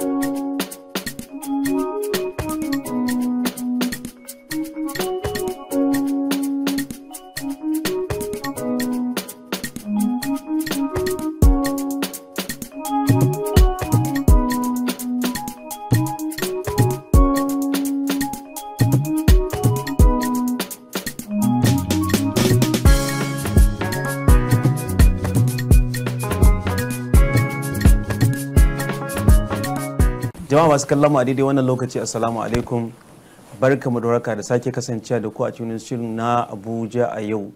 Thank you. jama'a masu kallon a daidai wannan lokaci assalamu alaikum barka mu da da sake kasancewa da ku a cikin shirin na abuja a yau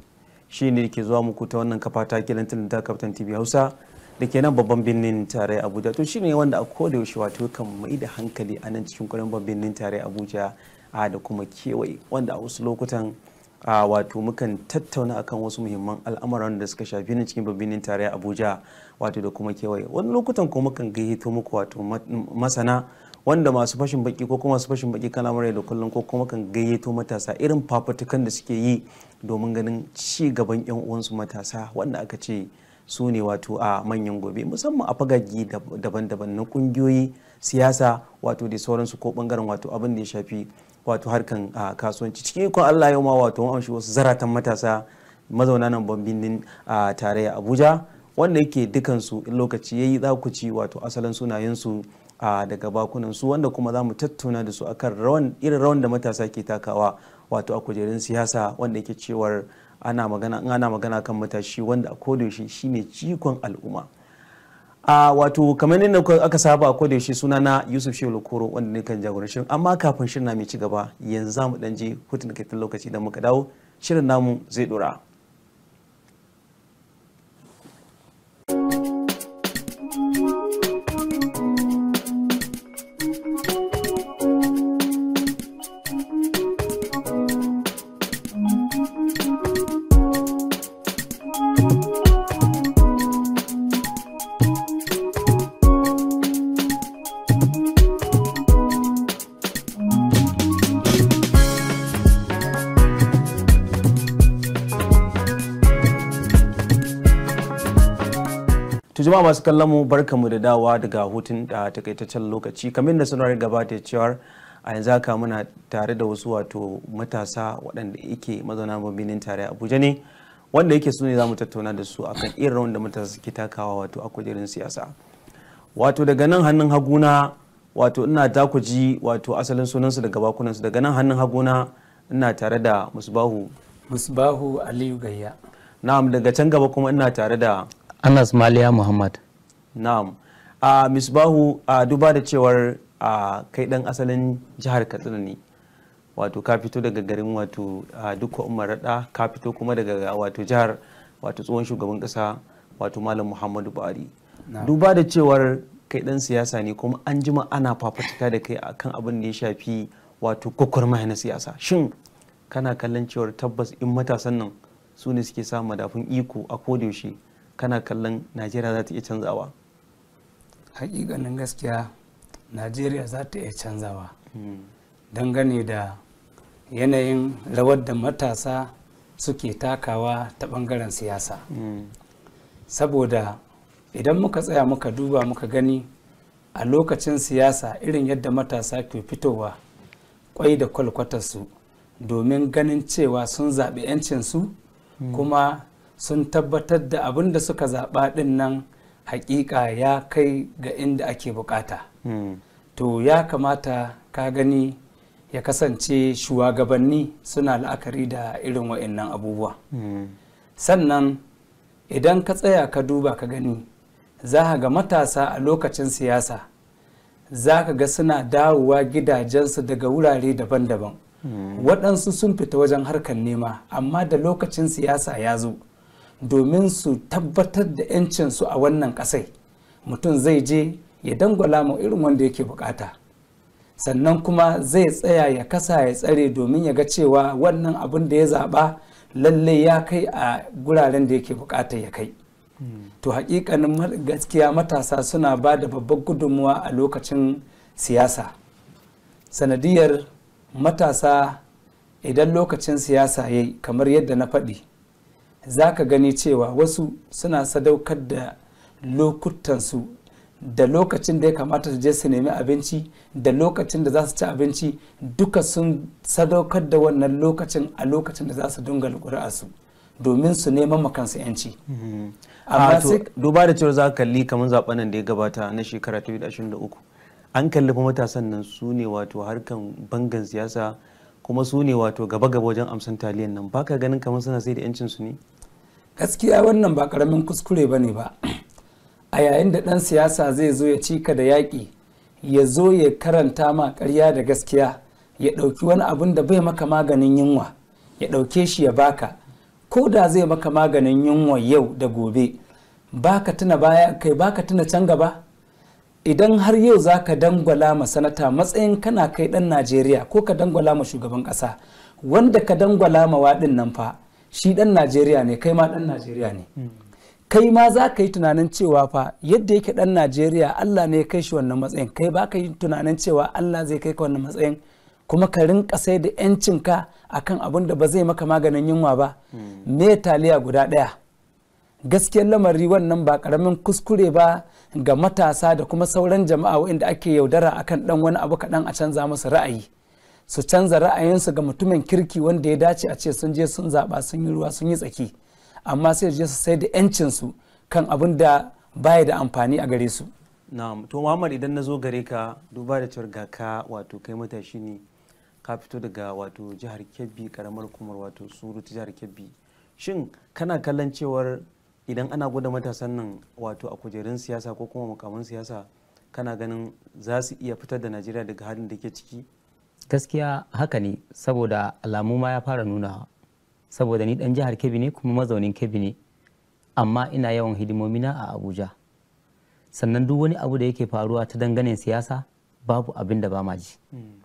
shi ne ke zuwa muku ta wannan kafa ta kilan tilin ta kaftan tv hausa da ke nan babban birnin tare abuja to shi ne wanda a koda yaushe wato kan mai da hankali a nan cikin kwarin babban birnin tare abuja a da kuma kewaye wanda a wasu lokutan a wato mukan tattauna akan wasu muhimman al'amuran da suka shafi na cikin babban birnin tare abuja wato da kuma kewaye wani lokutan kuma kan gayyato muku wato masana wanda masu fashin baki ko kuma masu fashin baki kana mura da kullum ko kuma kan gayyato matasa irin fafutukan da suke yi domin ganin ci gaban yan uwansu matasa wanda aka ce su ne wato a manyan gobe musamman a fagagi daban-daban na kungiyoyi siyasa wato da sauransu ko bangaren wato abin da ya shafi wato harkan kasuwanci cikin ikon Allah yau ma wato shi wasu zaratan matasa mazauna nan bambinin tarayya Abuja wanda yake dukansu in lokaci yayi za ku ci wato asalin sunayensu a daga bakunan su wanda kuma za mu tattauna da su akan rawan irin rawan da matasa ke takawa wato a kujerun siyasa wanda yake cewar ana magana ana magana kan matashi wanda a kodayaushe shine jikon al'umma a wato kamar yadda aka saba a kodayaushe suna na yusuf shehu koro wanda ne kan jagorancin amma kafin shirin na mai ci gaba yanzu za mu dan je hutun da lokaci da muka dawo shirin namu zai dora. jama'a masu kallon mu barkamu da dawa daga hutun da takaitaccen lokaci kamar da gaba ta cewar a yanzu haka muna tare da wasu wato matasa waɗanda yake mazauna birnin tare abuja ne wanda yake su ne za mu tattauna da su akan irin rawan da matasa suke takawa wato a kujerin siyasa wato daga nan hannun haguna wato ina takuji wato asalin sunansu daga bakunansu daga nan hannun haguna ina tare da musbahu musbahu aliyu gayya na'am daga can gaba kuma ina tare da Anas Maliya Muhammad. Na'am. A Misbahu a duba da cewar a kai ɗan asalin jihar Katsina ne. Wato ka fito daga garin wato Dukko Umar Rada ka fito kuma daga wato jihar wato tsohon shugaban kasa wato Malam Muhammadu Buhari. Duba da cewar kai ɗan siyasa ne kuma an jima ana fafutuka da kai akan abin da ya shafi wato gwagwarmaya na siyasa. Shin kana kallon cewar tabbas in matasan nan su ne suke sa madafun iko a kodayaushe kana kallon najeriya za ta iya canzawa hakikanin gaskiya najeriya za ta iya canzawa hmm. dangane da yanayin rawar da matasa suke takawa ta bangaren siyasa hmm. saboda idan muka tsaya muka duba muka gani a lokacin siyasa irin yadda matasa ke fitowa kwai da kwalkwatarsu domin ganin cewa sun zaɓi 'yancinsu hmm. kuma sun tabbatar da abin da suka zaɓa ɗin nan hakika ya kai ga inda ake bukata hmm. to ya kamata ka gani ya kasance shugabanni suna la'akari da irin wa'annan abubuwa hmm. sannan idan ka tsaya ka duba ka gani za ka ga matasa a lokacin siyasa za ka ga suna dawowa gidajensu daga wurare daban-daban hmm. waɗansu sun fita wajen harkar nema amma da lokacin siyasa ya zo domin su tabbatar da 'yancinsu a wannan ƙasai mutum zai je ya dangwala mu irin wanda yake bukata sannan kuma zai tsaya ya kasa ya tsare domin ya ga cewa wannan abin da ya zaɓa lallai ya kai a guraren da yake bukata ya kai to hakikanin gaskiya matasa suna ba da babbar gudunmuwa a lokacin siyasa sanadiyar matasa idan lokacin siyasa ya kamar yadda na faɗi za ka gani cewa wasu suna sadaukar da lokutansu da lokacin da ya kamata su je su nemi abinci da lokacin da za su ci abinci duka sun sadaukar da wannan lokacin a lokacin da za su dunga su domin su neman makansu 'yanci. Mm-hmm. amma duba da cewa za ka kalli kamar zaben nan da ya gabata na shekara 2023 an kalli matasan nan su ne wato harkan bangan siyasa kuma su ne wato gaba-gaba wajen amsan taliyan nan baka ganin kamar suna sai da yancin su ne gaskiya wannan ba karamin kuskure bane ba a yayin da dan siyasa zai zo ya cika da yaƙi ya zo ya karanta ma ƙarya da gaskiya ya ɗauki wani abun da bai maka maganin yunwa ya ɗauke shi ya baka ko da zai maka maganin yunwa yau da gobe baka tuna baya kai baka tuna can gaba idan har yau za ka dangwala ma sanata matsayin kana kai dan najeriya ko ka dangwala ma shugaban kasa wanda ka dangwala ma waɗin nan fa shi dan najeriya ne kai ma dan najeriya ne hmm. kai ma za ka yi tunanin cewa fa yadda yake dan najeriya allah ne ya kai shi wannan matsayin kai ba ka yi tunanin cewa allah zai kai ka wannan matsayin kuma ka rinka sai da yancinka akan abin da ba zai maka maganin yunwa ba hmm. me taliya guda ɗaya gaskiyar lamari wannan ba karamin kuskure ba ga matasa da kuma sauran jama'a waɗanda ake yaudara akan dan wani abu kaɗan a canza musu ra'ayi su canza ra'ayinsu ga mutumin kirki wanda ya dace a ce sun je sun zaɓa sun yi ruwa sun yi tsaki amma sai je su sai da 'yancinsu kan abin da baya da amfani a gare su. na'am to muhammad idan na zo gare ka duba da cewar ga ka wato kai matashi ne ka fito daga wato jihar kebbi karamar kumar wato suru jihar kebbi shin kana kallon cewar idan ana gwada matasan nan wato a kujerun siyasa ko kuma mukamin siyasa kana ganin za su iya fitar da najeriya daga halin da ke ciki gaskiya haka ne saboda alamu ma ya fara nuna saboda ni dan jihar kebbi ne kuma mazaunin kebbi ne amma ina yawan hidimomina a abuja sannan duk wani abu da yake faruwa ta dangane siyasa babu abin da ba ma ji hmm.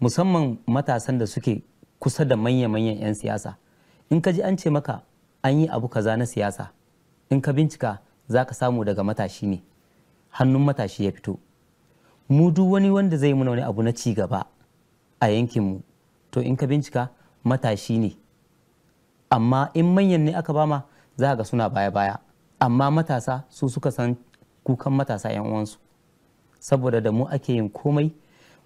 musamman matasan da suke kusa da manya-manyan 'yan siyasa in ka ji an ce maka an yi abu kaza na siyasa in ka bincika za ka samu daga matashi ne hannun matashi ya fito mu duk wani wanda zai muna wani abu na ci gaba a yankinmu to in ka bincika matashi ne amma in manyan ne aka bama za ga suna baya-baya amma matasa su suka san kukan matasa 'yan uwansu saboda da mu ake yin komai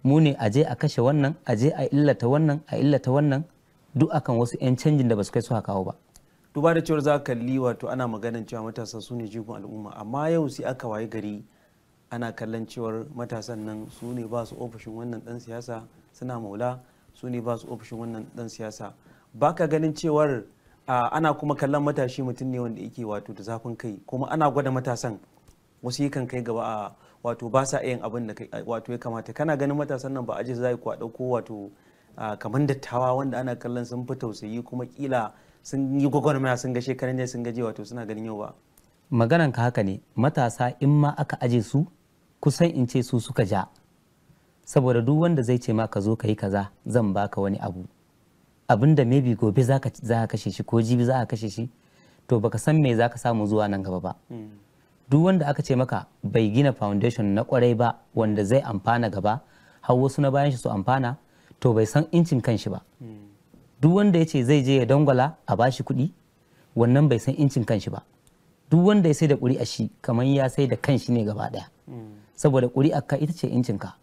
mu ne a je a kashe wannan a je a illata wannan a illata wannan duk akan wasu 'yan canjin da ba su kai su kawo ba duba da cewar za kalli wato ana maganin cewa matasa su ne jigon al'umma amma yau sai aka waye gari ana kallon cewar matasan nan su ne ba su ofishin wannan dan siyasa suna maula su ne ba su ofishin wannan dan siyasa ba ka ganin cewar ana kuma kallon matashi mutum ne wanda yake wato da zafin kai kuma ana gwada matasan wasu kan kai gaba a wato ba sa yin abin da wato ya kamata kana ganin matasan nan ba aje za ku a ɗauko wato kamar dattawa wanda ana kallon sun fi tausayi kuma kila sun yi gwagwarmaya sun ga shekaran jiya sun gaje wato suna ganin yau ba maganan ka haka ne matasa in ma aka aje su kusan in ce su suka ja saboda duk wanda zai ce ma ka zo ka yi kaza zan baka wani abu abin da maybe gobe za ka kashe shi ko jibi za ka kashe shi to baka san me za ka samu zuwa nan gaba ba hmm. duk wanda aka ce maka bai gina foundation na kwarai ba wanda zai amfana gaba har wasu na bayan shi su amfana to bai san incin kan shi ba hmm. duk wanda ya ce zai je ya dangwala a bashi kuɗi wannan bai san incin kanshi ba duk wanda ya sai da ƙuri'a shi kamar ya sai da kanshi ne gaba ɗaya saboda ƙuri'a ka ita ce incin ka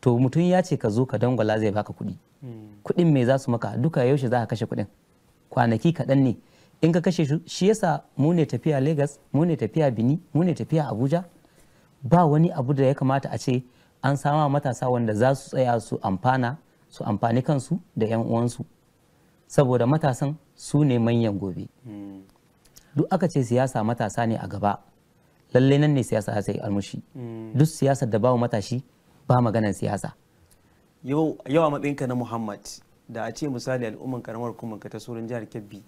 to mutum ya ce ka zo ka dangwala zai baka kuɗi kuɗin me za su maka duka yaushe za ka kashe kuɗin kwanaki kaɗan ne in ka kashe shi shi yasa mu ne tafiya Legas mu ne tafiya Bini mu ne tafiya Abuja ba wani abu da ya kamata a ce an sama matasa wanda za su tsaya su amfana su amfani kansu da 'yan uwansu saboda matasan su ne manyan gobe hmm. duk aka ce siyasa matasa ne a gaba lallai nan ne siyasa ta sai almushi hmm. duk siyasar da bawa matashi ba maganan siyasa yawa matsayinka na muhammad da a ce misali al'umman karamar ka ta surin jihar kebbi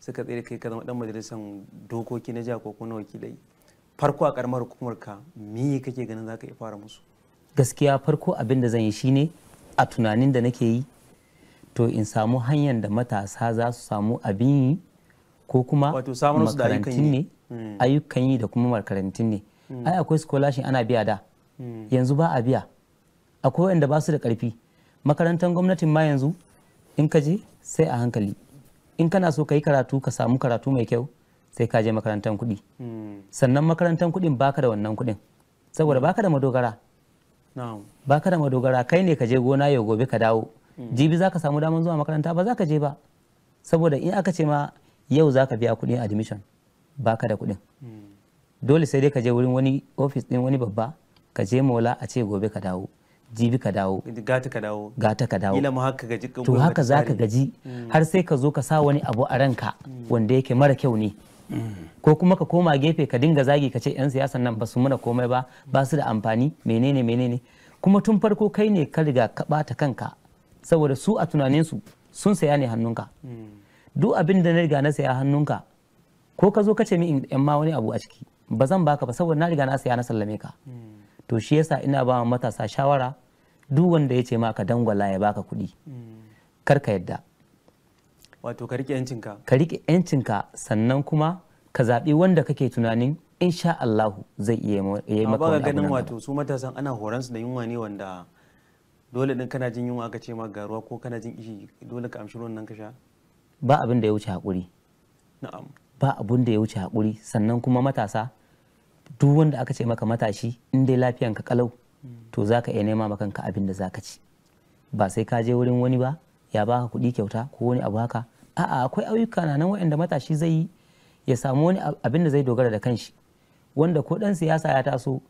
suka tsere kai ka zama dan majalisar dokoki na jihar ko kuma wakilai farko a karamar hukumar ka me kake ganin zaka iya fara musu gaskiya farko abin da zan yi shine a tunanin da nake yi to in samu hanyar da matasa za su samu abin yi ko kuma makarantun ne hmm. ayyukan yi da kuma makarantun ne hmm. ai akwai scholarship ana biya da hmm. yanzu ba a biya akwai wanda ba su da karfi makarantar gwamnatin ma yanzu in ka je sai a hankali in kana so ka yi karatu ka samu karatu mai kyau sai ka je makarantar kuɗi sannan makarantar kuɗin baka da wannan kuɗin saboda baka da madogara baka da madogara kai ne ka je gona yau gobe ka dawo jibi za ka samu daman zuwa makaranta ba za ka je ba saboda in aka ce ma yau za ka biya kuɗin admission ba ka da kuɗin dole sai dai ka je wurin wani ofis din wani babba ka je mola a ce gobe ka dawo jibi ka dawo gata ka dawo gata ka dawo haka gaji to haka za ka gaji mm. har sai ka zo ka sa wani abu a ranka wanda yake mara kyau ne mm. ko kuma ka koma gefe ka dinga zagi ka ce 'yan siyasan nan ba su muna komai ba ba su da amfani menene menene kuma tun farko kai ne ka riga ka bata kanka saboda su a tunaninsu sun saya ne hannunka duk abin da na riga na saya hannunka ko ka zo ka ce min in ma wani abu a ciki ba zan baka ba saboda na riga na saya na sallame ka to shi yasa ina ba matasa shawara duk wanda ya ce ma ka dangwala ya baka kuɗi kar ka yadda wato ka rike yancinka ka rike yancinka sannan kuma ka zaɓi wanda kake tunanin insha Allahu zai iya maka wani abu ganin wato su matasan ana horon su da yunwa ne wanda dole din kana jin yunwa aka ce ma garuwa, ko kana jin ishi dole ka amshi ruwan nan ka sha ba abin da ya wuce haƙuri na'am ba abin da ya wuce haƙuri sannan kuma matasa duk wanda aka ce maka matashi in dai lafiyan ka kalau hmm. to zaka iya nema maka kanka abin da zaka ci ba sai ka je wurin wani ba ya baka kuɗi kyauta ko wani abu haka a'a akwai ayyuka na nan waɗanda matashi zai yi ya samu wani abin da zai dogara da kanshi wanda ko dan siyasa ya taso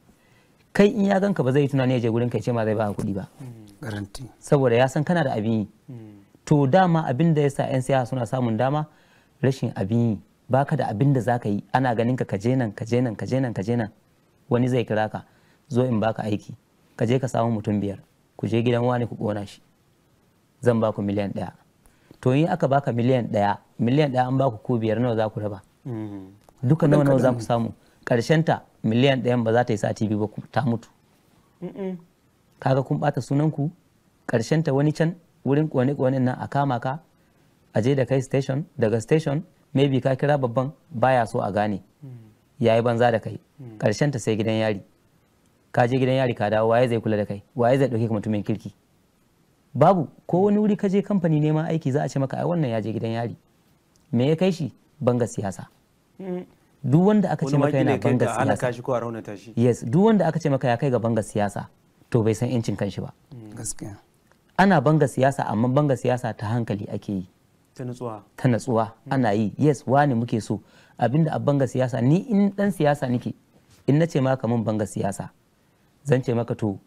kai in ya ganka ba zai tunani ya je gurin kai ce ma zai baka kuɗi ba hmm. garanti saboda ya san kana da abin yi to dama abin da ya sa 'yan siyasa suna samun dama rashin abin yi baka da abin da zaka yi ana ganin ka kaje nan kaje nan kaje nan kaje nan wani zai kira ka zo in baka aiki ka je ka samu mutum biyar ku je gidan wani ku kona shi zan baku miliyan ɗaya to in aka baka miliyan daya miliyan ɗaya an baku ku biyar nawa za ku raba mm. duka nawa nawa za ku samu ta miliyan ɗayan ba za ta yi sati biyu ba ta mutu kaga kun bata sunanku karshen ta wani can wurin kwane kwane nan a kama ka a je da kai station daga station maybe ka kira babban baya so a gane hmm. yayi banza da kai karshen hmm. ta sai gidan yari ka je gidan yari ka dawo waye zai kula da kai waye zai dauke ka mutumin kirki babu ko wani wuri ka je kamfani neman aiki za a ce maka ai wannan ya je gidan yari me ya kai shi banga siyasa hmm. duk wanda aka ce maka yana banga siyasa yes duk wanda aka ce maka ya kai ga banga siyasa to bai san yancin kanshi ba gaskiya ana banga siyasa amma banga siyasa ta hankali ake yi ta natsuwa ta natsuwa ana yi yes wani muke so abinda a banga siyasa ni in dan siyasa nike in nace maka mun banga siyasa zan ce maka to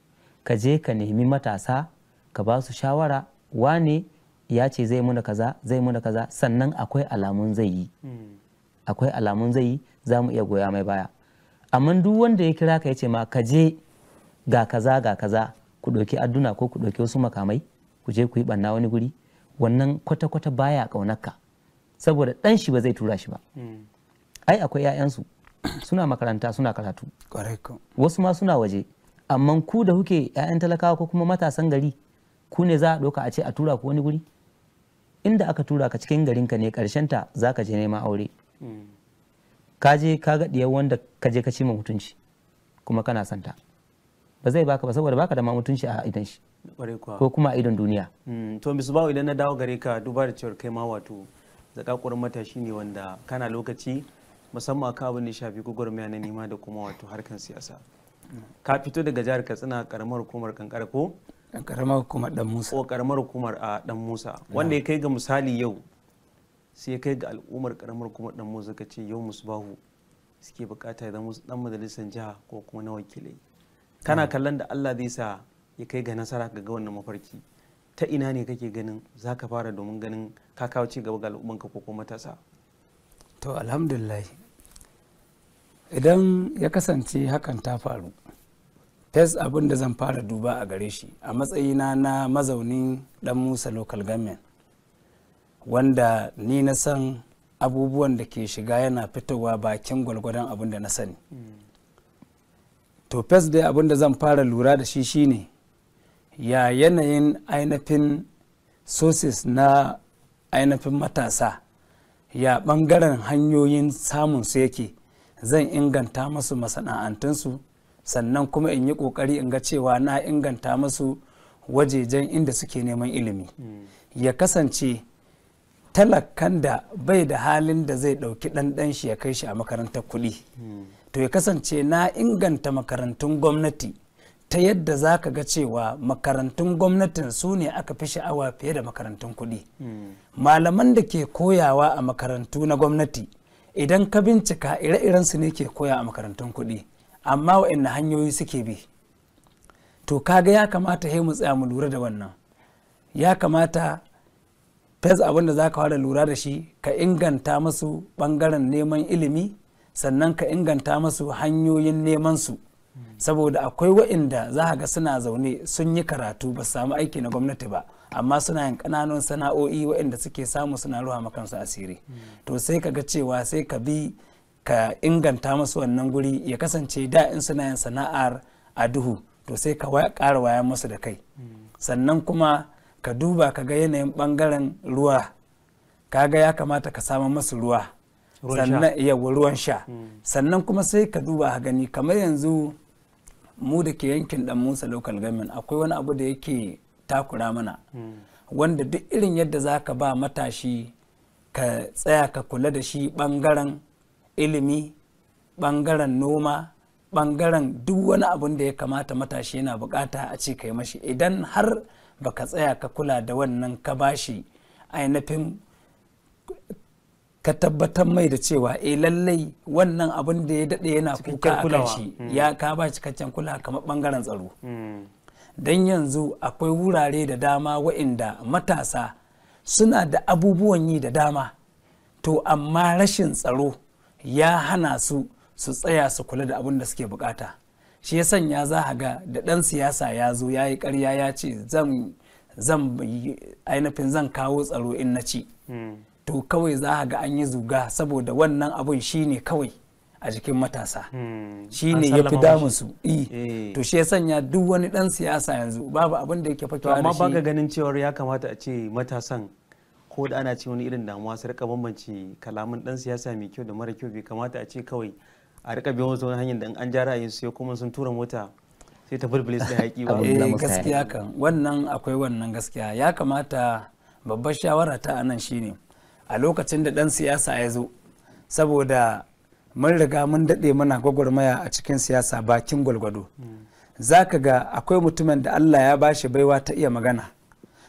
ka je ka nemi matasa ka ba su shawara wane ya ce zai muna kaza zai muna kaza sannan akwai alamun zai yi hmm. akwai alamun zai yi za mu iya goya mai baya amma duk wanda ya kira ka ya ce ma ka je ga kaza ga kaza ku ɗauki adduna ko ku ɗauki wasu makamai ku je ku yi ɓanna wani guri wannan kwata-kwata baya ƙaunarka saboda ɗan shi ba zai tura shi ba hmm. ai akwai 'ya'yansu suna makaranta suna karatu wasu ma suna waje amma ku da kuke 'ya'yan talakawa ko kuma matasan gari ku ne za a ɗauka a ce a tura ku wani guri inda aka tura ka cikin garin ka ne karshen ta za ka je neman aure hmm. ka je ka ga ɗiyar wanda ka je ka ci mutunci kuma kana santa ba zai baka ba saboda baka da shi a idan shi ko kuma a idan duniya mm, to bisu bawo idan na dawo gare ka duba da cewar kai ma wato zakakurin matashi ne wanda kana lokaci musamman ka abin da shafi gwagwarmaya na nema da kuma wato harkan siyasa ka fito daga jihar katsina karamar hukumar kankara ko karamar hukumar dan musa ko karamar hukumar a dan musa wanda ya kai ga misali yau sai ya kai ga al'ummar karamar hukumar dan musa ka ce yau musu bahu suke bukata ya zama dan majalisar jiha ko kuma na wakilai kana kallon da Allah zai sa ya kai ga nasara ga wannan mafarki ta ina ne kake ganin za ka fara domin ganin ka kawo ci gaba ga al'ummanka ko kuma matasa to alhamdulillah idan ya kasance hakan ta faru fes abin da zan fara duba a gare shi a matsayina na mazaunin dan musa local government wanda ni na san abubuwan da ke shiga yana fitowa bakin gwalgwadon abin da na sani hmm. to fes dai abin da zan fara lura da shi shine ya yanayin ainihin sources na ainafin matasa ya ɓangaren hanyoyin samun su yake zan inganta masu masana'antunsu sannan kuma in yi ƙoƙari in ga cewa na inganta masu wajejen inda suke neman ilimi ya kasance talakan da bai da halin da zai ɗauki ɗanɗan shi ya kai shi a makarantar kuɗi to ya kasance na inganta makarantun gwamnati ta yadda za ka ga cewa makarantun gwamnatin su ne aka fi sha'awa fiye da makarantun kuɗi malaman da ke koyawa a makarantu na gwamnati idan ka bincika ire-iren su ne ke koya a makarantun kuɗi amma wa'in hanyoyi suke bi to kaga ya kamata mu tsaya mu lura da wannan ya kamata fes abin da za ka fara lura da shi ka inganta masu ɓangaren neman ilimi sannan ka inganta masu hanyoyin neman su saboda akwai wa'inda za ga suna zaune sun yi karatu ba samu aiki na gwamnati ba amma suna yin ƙananan sana'o'i wa'inda suke samu suna ruwa makansu asiri to sai ka ga cewa sai ka bi ka inganta masu wannan guri ya kasance da in suna yin sana'ar a duhu to sai ka ƙara wayan masu da kai sannan kuma ka duba ka ga yanayin ɓangaren ruwa kaga ya kamata ka samu masu ruwa sannan yawa ruwan sha hmm. sannan kuma sai ka duba gani kamar yanzu mu da ke yankin dan musa local government akwai wani abu da yake takura mana hmm. wanda duk irin yadda za ka ba matashi ka tsaya ka kula da shi bangaren ilimi bangaren noma bangaren duk wani abun da ya kamata matashi yana bukata a ce yi mashi idan har baka tsaya ka kula da wannan ka bashi ainihin ka tabbatar mai da cewa eh lallai wannan abin da ya daɗe yana kuka a kan shi mm. ya ka ba cikakken kula kamar bangaren tsaro mm. don yanzu akwai wurare da dama wa'inda matasa suna da abubuwan yi da dama to amma rashin tsaro ya hana su su tsaya su kula da abin da suke bukata shi ya sanya za a ga da ɗan siyasa ya zo ya yi karya ya ce zan ainihin zan kawo tsaro in na ci mm. to kawai za ga an yi zuga saboda wannan abun shine kawai a jikin matasa hmm. shine ya fi damu su eh. eh. to shi ya sanya duk wani dan siyasa yanzu babu abin da yake fakewa amma baka ganin cewar ya kamata a ce matasan ko da ana ce wani irin damuwa su rika bambance kalamin dan siyasa mai kyau da mara kyau bai kamata a ce kawai a rika biyan wasu hanyar da an ja ra'ayin su kuma sun tura mota sai ta bulbule su da haƙi ba eh gaskiya kan wannan akwai wannan gaskiya ya kamata babbar shawara ta anan shine a lokacin da ɗan siyasa ya zo saboda mun riga mun daɗe mana gwagwarmaya a cikin siyasa bakin gwalgwado za ka ga akwai mutumin da allah ya bashi baiwa ta iya magana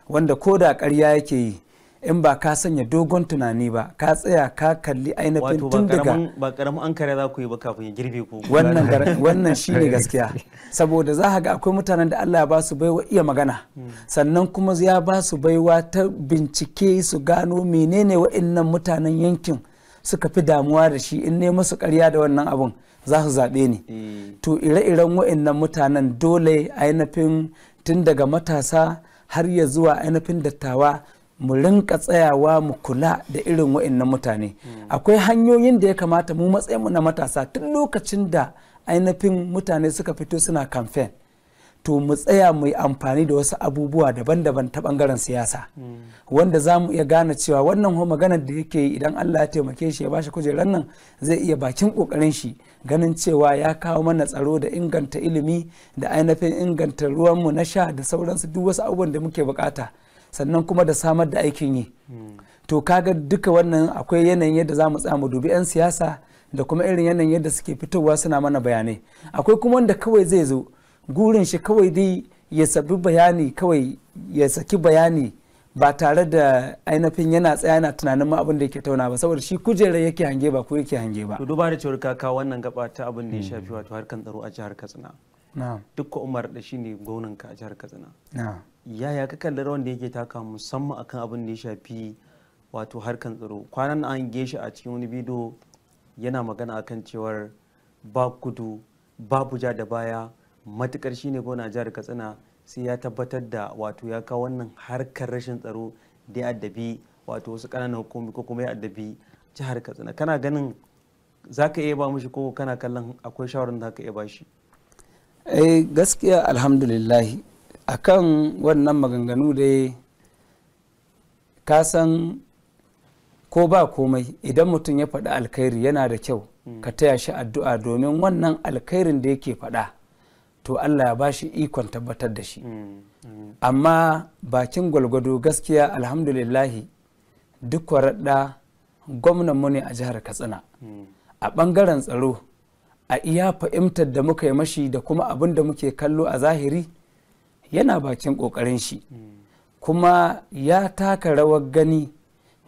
wanda ko da ƙarya yake yi in ba ka sanya dogon tunani ba ka tsaya ka kalli ainihin tun daga ba karamin an za ku yi ba kafin ya girbe ku wannan wannan shine gaskiya saboda za ga akwai mutanen da Allah ya ba su baiwa iya magana hmm. sannan kuma ya ba su baiwa ta bincike su gano menene wa'annan mutanen yankin suka fi damuwa da shi in ne musu karya da wannan abun za su zaɓe ni eh. to ire-iren wa'annan mutanen dole ainihin tun daga matasa har ya zuwa ainihin dattawa mu rinka tsayawa mu kula da irin wa'annan mutane akwai hanyoyin da ya kamata mu mu na matasa tun lokacin da ainihin mutane suka fito suna kamfen to mu tsaya mu yi amfani da wasu abubuwa daban-daban ta bangaren siyasa wanda za mu iya gane cewa wannan ho maganar da yake yi idan Allah ya taimake shi ya bashi kujerar nan zai iya bakin kokarin shi ganin cewa ya kawo mana tsaro da inganta ilimi da ainihin inganta ruwanmu na sha da sauransu duk wasu abubuwan da muke bukata. sannan kuma da samar da aikin yi to kaga duka wannan akwai yanayin yadda za mu mu dubi 'yan siyasa da kuma irin yanayin yadda suke fitowa suna mana bayanai akwai kuma wanda kawai zai zo gurin shi kawai dai ya sabi bayani kawai ya saki bayani ba tare da ainihin yana tsaya yana tunanin ma abin da yake tauna ba saboda shi kujerar yake hange ba ko yake hange ba to duba da cewar kaka wannan gaba ta abin da ya hmm. shafi wato harkan tsaro a jihar Katsina duk umar da shine ne ka a jihar Katsina yaya ka kalli rawan da yake taka musamman akan abin da ya shafi wato harkan tsaro kwanan an geshi a cikin wani bidiyo yana magana akan cewar ba kudu babu ja da baya matukar shine na jihar katsina sai ya tabbatar da wato ya kawo wannan harkar rashin tsaro da ya addabi wato wasu kananan hukumi ko kuma ya addabi jihar katsina kana ganin za ka iya ba mushi ko kana kallon akwai shawarar da ka iya ba shi eh, gaskiya alhamdulillahi a kan wannan maganganu dai ka ko ba komai idan mutum ya faɗi alkhairi yana da kyau mm. ka taya shi addu'a domin wannan alkhairin da yake faɗa to Allah ya ba shi ikon tabbatar da shi mm, mm. amma bakin gwalgwado gaskiya alhamdulillahi duk raɗa gwamnan mu ne a jihar katsina a ɓangaren tsaro a iya fahimtar da muka yi mashi da kuma abin da muke kallo a zahiri yana bakin ƙoƙarin shi kuma ya taka rawar gani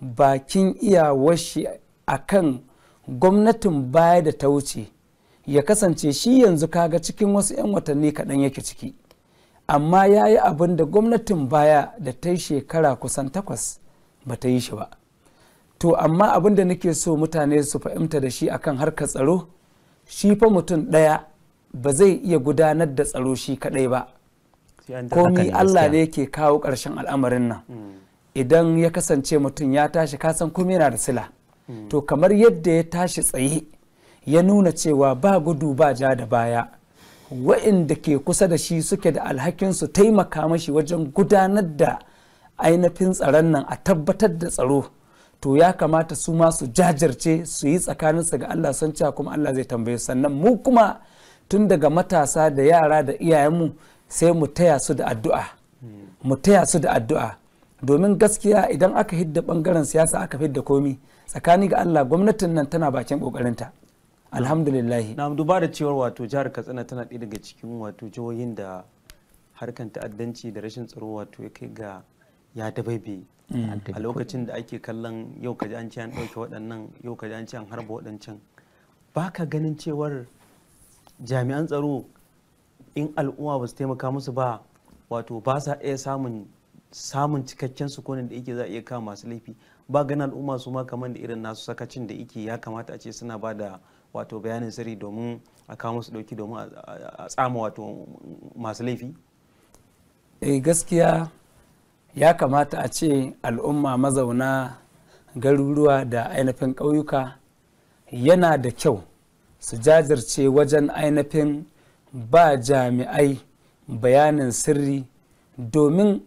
bakin iyawar shi a kan gwamnatin baya da ta wuce ya kasance shi yanzu kaga cikin wasu 'yan watanni kaɗan yake ciki amma ya yi abin da gwamnatin baya da ta yi shekara kusan takwas ba ta yi shi ba to amma abin da nake so mutane su fahimta da shi akan harkar tsaro shi fa mutum ɗaya ba zai iya gudanar da tsaro shi kaɗai ba komi Allah ne ke kawo ƙarshen al'amarin nan idan ya kasance mutum ya tashi kasan komi yana da sila hmm. to kamar yadda ya tashi tsaye ya nuna cewa ba gudu ba ja da baya wa'inda ke kusa da shi suke da alhakin su taimaka mashi wajen gudanar da ainihin tsaron nan a tabbatar da tsaro to ya kamata su ma su jajirce su yi tsakaninsu ga Allah san cewa kuma Allah zai tambaye sannan mu kuma tun daga matasa da yara da iyayenmu sai mu taya su da addu'a mu taya su da addu'a domin gaskiya idan aka hidda bangaren siyasa aka fidda komi tsakani ga Allah gwamnatin nan tana bakin kokarin ta alhamdulillah na duba da cewar wato jihar Katsina tana ɗaya daga cikin wato jihohin da harkan ta'addanci da rashin tsaro wato ya kai ga ya dabaibe mm. a lokacin da ake kallon yau kaji an ce an ɗauke waɗannan yau kaji an ce an harba waɗancan ba ka ganin cewar jami'an tsaro in al'umma ba su taimaka musu ba wato ba sa iya samun samun cikakken sukunin da yake za a iya kama masu laifi ba ganin al'umma su ma kamar da irin nasu sakacin da yake ya kamata a ce suna ba da wato bayanin sirri domin a kawo musu dauki domin a tsama wato masu laifi eh gaskiya ya kamata a ce al'umma mazauna garuruwa da ainihin ƙauyuka yana da kyau su jajirce wajen ainihin ba jami'ai bayanin sirri domin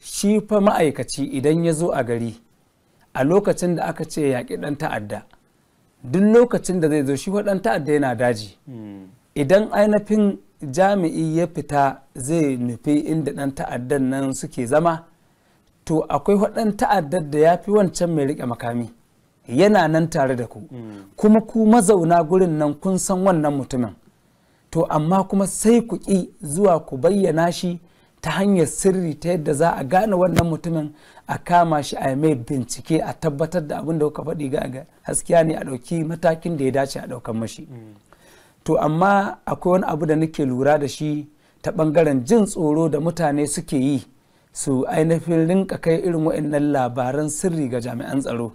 shi fa ma'aikaci idan ya zo a gari a lokacin da aka ce yaƙi ɗan ta'adda duk lokacin da zai zo shi ɗan ta'adda yana daji idan ainihin jami'i ya fita zai nufi inda ɗan ta'addan nan suke zama to akwai ɗan ta'addar da ya fi wancan mai riƙe makami yana nan tare da ku mm. kuma ku mazauna gurin nan kun san wannan mutumin to amma kuma sai ku ƙi zuwa ku bayyana shi ta hanyar sirri ta yadda za a gane wannan mutumin a kama shi a mai bincike a tabbatar da abin da kuka faɗi ga haskiya ne a ɗauki matakin da ya dace a ɗaukan mashi to amma akwai wani abu da nake lura da shi ta ɓangaren jin tsoro da mutane suke yi su ainihin rinka kai irin waɗannan labaran sirri ga jami'an tsaro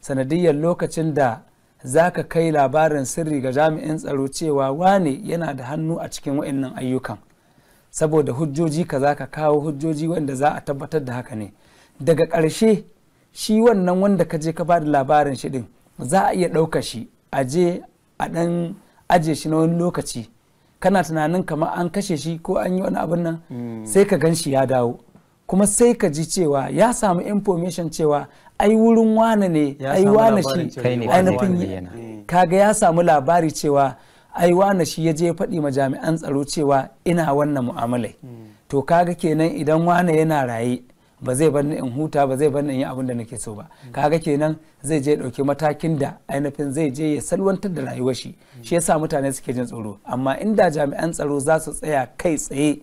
sanadiyyar lokacin da za ka kai labarin sirri ga jami'in tsaro cewa wane yana da hannu a cikin wa'annan ayyukan saboda hujjoji ka za ka kawo hujjoji wanda za a tabbatar da haka ne daga ƙarshe shi wannan wanda ka je ka ba da labarin shi din za a iya ɗauka shi a je a ɗan aje shi na wani lokaci kana tunanin kamar an kashe shi ko an yi wani abin nan hmm. sai ka gan shi ya dawo kuma sai ka ji cewa ya samu information cewa ai wurin wane ne ai wane shi ainihin eh. kaga ya samu labari cewa ai wane shi ya je faɗi ma jami'an tsaro cewa ina wannan mu'amalai hmm. to kaga kenan idan wane yana raye ba zai bar ni in huta ba zai bar ni in yi abin da nake so ba hmm. kaga kenan zai je ɗauki matakin da ainihin zai je ya salwantar da rayuwar shi hmm. shi yasa mutane suke jin tsoro amma inda jami'an tsaro za su tsaya kai tsaye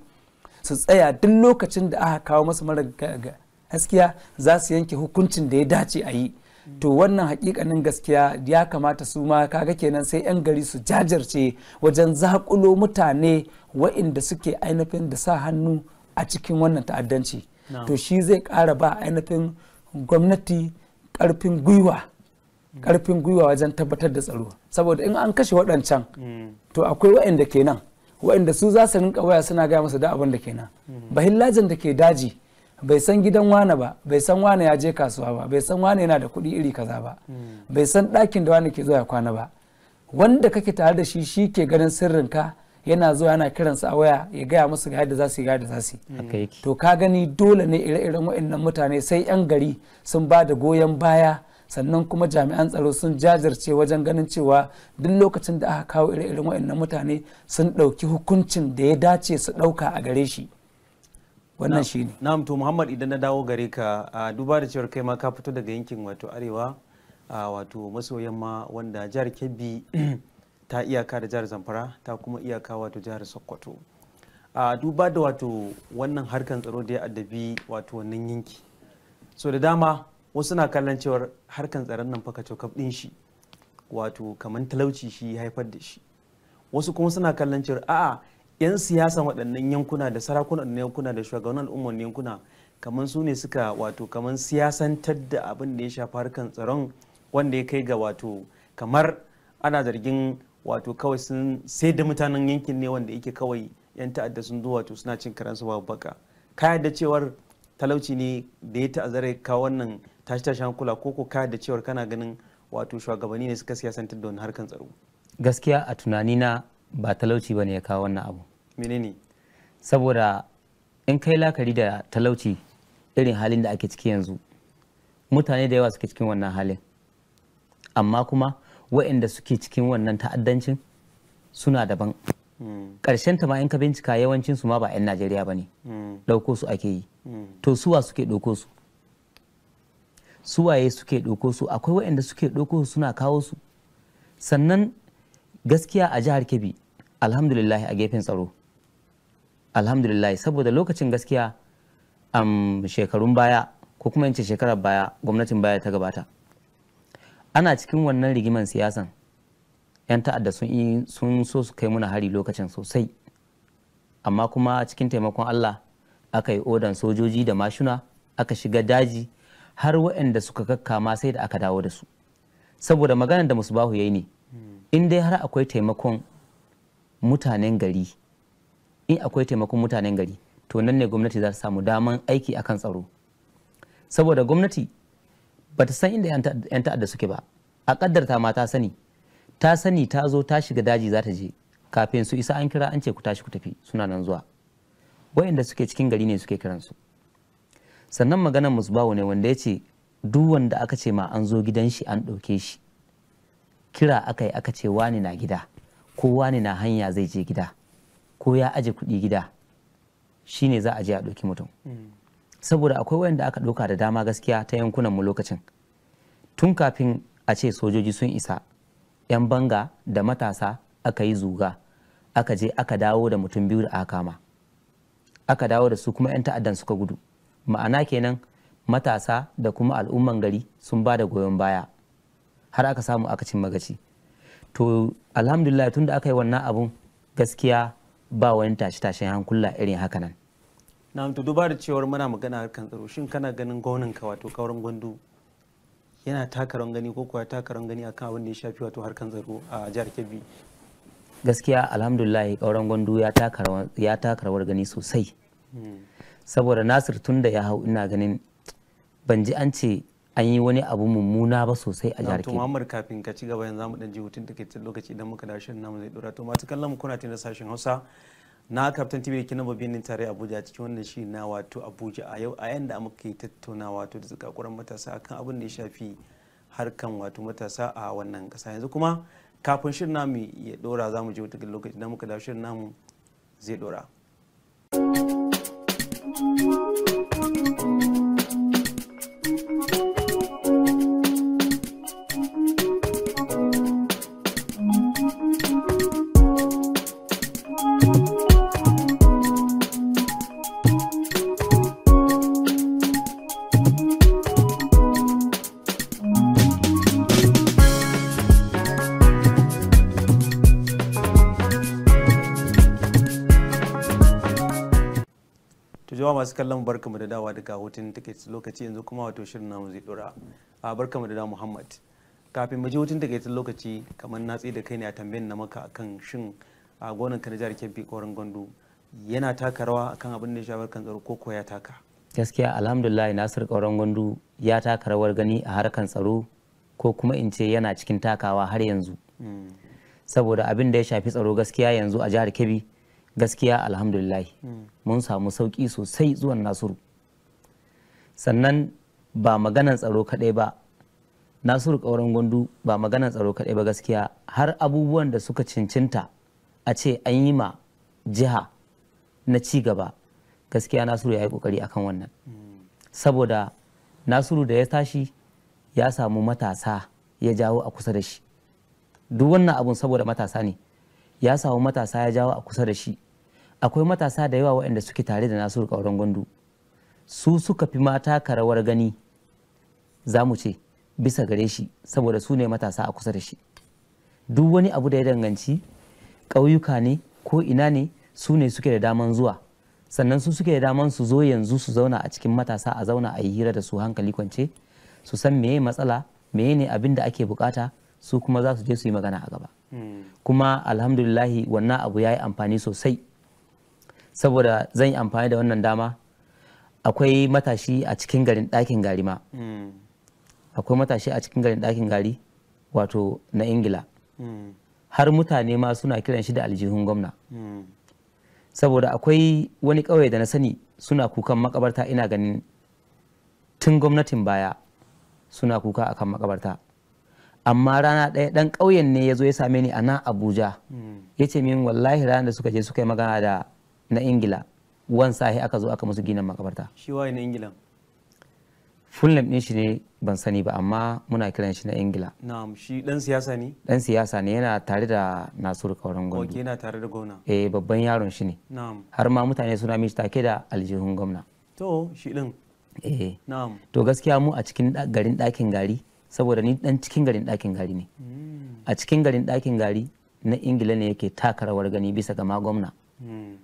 su tsaya duk lokacin da aka kawo masu mara gaskiya za su yanke hukuncin da ya dace a yi to wannan hakikanin gaskiya ya kamata su ma kaga kenan sai 'yan gari su jajirce wajen zakulo mutane wa'inda suke ainihin da sa hannu a cikin wannan ta'addanci to shi zai kara ba ainihin gwamnati ƙarfin gwiwa mm. karfin gwiwa wajen tabbatar da tsaro saboda in an kashe waɗancan mm. to akwai wa'inda kenan wa'inda su za su rinka waya suna gaya masa da abin da kenan mm. lajin da ke daji bai san gidan wane ba bai san wane ya je kasuwa ba bai san wane yana da kuɗi iri kaza ba hmm. bai san ɗakin da wane ke zuwa ya kwana ba wanda kake tare da shi shi ke ganin sirrin ka yana zuwa yana kiransa a waya ya gaya musu ga yadda za su yi ga yadda za su yi hmm. to ka gani dole ne ire-iren waɗannan mutane sai 'yan gari sun ba da goyon baya sannan kuma jami'an tsaro sun jajirce wajen ganin cewa duk lokacin da aka kawo ire-iren waɗannan mutane sun ɗauki hukuncin da ya dace su ɗauka a gare shi wannan shi ne na to muhammad idan na dawo gare ka duba da cewar kai ma ka fito daga yankin wato arewa wato maso yamma wanda jihar kebbi ta iyaka da jihar zamfara ta kuma iyaka wato jihar sokoto a duba da wato wannan harkan tsaro da ya addabi wato wannan yanki so da dama wasu na kallon cewar harkan tsaron nan faka cokaf din shi wato kamar talauci shi haifar da shi wasu kuma suna kallon cewar a'a 'yan siyasan waɗannan yankuna da sarakunan waɗannan yankuna da shugaban al'ummar yankuna kamar su ne suka wato kamar siyasantar da abin da ya shafi harkan tsaron wanda ya kai ga wato kamar ana zargin wato kawai sun sai da mutanen yankin ne wanda yake kawai 'yan ta'adda sun zo wato suna cin karansu babu baka ka da cewar talauci ne da ya ta'azzara ka wannan tashi tashi hankula ko ko ka da cewar kana ganin wato shugabanni ne suka siyasantar da wani harkan tsaro gaskiya a tunanina ba talauci ba ne ya kawo wannan abu menene saboda in kai lakari da talauci irin halin da ake ciki yanzu mutane da yawa suke cikin wannan halin amma kuma waɗanda suke cikin wannan ta'addancin suna daban hmm. ƙarshen ta ma in ka bincika yawancin su ma ba 'yan najeriya ba ne hmm. ɗauko su ake yi hmm. to suwa suke ɗauko su suwaye suke ɗauko su akwai waɗanda suke ɗauko su suna kawo su sannan gaskiya a jihar kebbi alhamdulillah a gefen tsaro alhamdulillah saboda lokacin gaskiya a shekarun baya ko kuma ce shekarar baya gwamnatin baya ta gabata ana cikin wannan rigiman siyasan 'yan ta'adda sun so su kai muna hari lokacin sosai amma kuma cikin taimakon allah aka yi odan sojoji da mashuna aka shiga daji har waɗanda suka kakkama sai da aka dawo da su saboda maganar da musu ya yi ne in dai har akwai taimakon mutanen gari in akwai taimakon mutanen gari to nan ne gwamnati za ta samu daman aiki akan tsaro saboda gwamnati ba ta san inda 'yan ta'adda suke ba a kaddarta ma ta sani ta sani ta zo ta shiga daji za ta je kafin su isa an kira an ce ku tashi ku tafi suna nan zuwa wayanda suke cikin gari ne suke kiran su sannan maganar musbawo ne wanda ya ce duk wanda aka ce ma an zo gidan shi an ɗauke shi kira aka yi aka ce wani na gida ko wani na hanya zai je gida ko ya aje kuɗi gida shi ne za a je a ɗauki mutum saboda akwai wayanda aka ɗauka da dama gaskiya ta yankunan mu lokacin tun kafin a ce sojoji sun isa 'yan banga da matasa aka yi zuga aka je aka dawo da mutum biyu da aka kama aka dawo da su kuma 'yan ta'addan suka gudu ma'ana kenan matasa da kuma al'umman gari sun ba da goyon baya har aka samu aka cin magaci to alhamdulillah tunda aka yi wannan abun gaskiya ba wani tashi tashen hankula irin haka nan Na to duba da cewar muna magana harkan tsaro shin kana ganin gwamnan ka wato kauran gwandu yana taka ran gani ko kuwa taka ran gani akan abin da ya shafi wato harkan tsaro a jihar Kebbi gaskiya alhamdulillah kauran gwandu ya taka ya taka rawar gani sosai hmm. saboda Nasir tunda ya hau ina ganin ban ji an ce an yi wani abu mummuna ba sosai a jihar Kebbi. Muhammad kafin ka ci gaba yanzu zamu dan ji hutun cikin lokaci idan muka dawo shirin namu zai dora to masu kallon mu kuna tare da sashen Hausa na Captain TV da kinan babin tare Abuja cikin wannan shi na wato Abuja a yau a yanda muka yi tattauna wato da zakakuran matasa akan abin da ya shafi harkan wato matasa a wannan kasa yanzu kuma kafin shirin namu ya dora zamu ji hutun lokaci idan muka dawo shirin namu zai dora. masu kallon barkamu da dawa daga hutun tickets lokaci yanzu kuma wato shirin namu zai dora a barkamu da dawa muhammad kafin mu je hutun takaitaccen lokaci kamar na tsaye da kai ne a tambayin na maka akan shin a gonan ka na jihar kebbi koren gondo yana taka rawa akan abin da ya shafi kan tsaro ko ko ya taka gaskiya alhamdulillah nasir koren gondo ya taka rawar gani a harkar tsaro ko kuma in ce yana cikin takawa har yanzu hmm. saboda abin da ya shafi tsaro gaskiya yanzu a jihar kebbi gaskiya alhamdulillah mun samu sauki sosai zuwan nasiru sannan ba maganan tsaro kaɗai ba nasiru ƙauren gwandu ba maganan tsaro kaɗai ba gaskiya har abubuwan da suka cincinta a ce an yi ma jiha na ci gaba gaskiya nasiru ya yi ƙoƙari akan wannan saboda nasiru da ya tashi ya samu matasa ya jawo a kusa da shi duk wannan abun saboda matasa ne ya samu matasa ya jawo a kusa da shi akwai matasa da yawa waɗanda suke tare da nasu ƙauren gwandu su suka fi mata karawar gani za mu ce bisa gare shi saboda su ne matasa a kusa da shi duk wani abu da ya danganci ƙauyuka ne ko ina ne su ne suke da daman zuwa sannan su suke da daman su zo yanzu su zauna a cikin matasa a zauna a yi hira da su hankali kwance su san meye matsala meye ne abin da ake bukata su kuma za su je su yi magana a gaba hmm. kuma alhamdulillahi wannan abu ya yi amfani sosai saboda zan yi amfani da wannan dama akwai matashi a cikin garin ɗakin gari ma akwai matashi a cikin garin ɗakin gari wato na ingila har mutane ma suna kiran shi da aljihun gwamna saboda akwai wani ƙauye da na sani suna kukan makabarta ina ganin tun gwamnatin baya suna kuka a kan makabarta amma rana ɗaya ɗan ƙauyen ne ya zo ya same ni a nan abuja ya ce min wallahi ranar da suka je suka yi magana da na ingila wan sahi aka zo aka musu ginin makabarta shi waye na ingila full name din shi ne ban sani ba amma muna kiran shi na ingila na'am shi dan siyasa ne dan siyasa ne yana tare da nasiru kauran gwamna oke yana tare da gwamna eh babban yaron shi ne na'am har ma mutane suna mishi take da aljihun gwamna to shi din eh na'am to gaskiya mu a cikin garin dakin gari saboda ni dan cikin garin dakin gari ne hmm. a cikin garin dakin gari na ingila ne yake takarawar gani bisa ga ma gwamna hmm.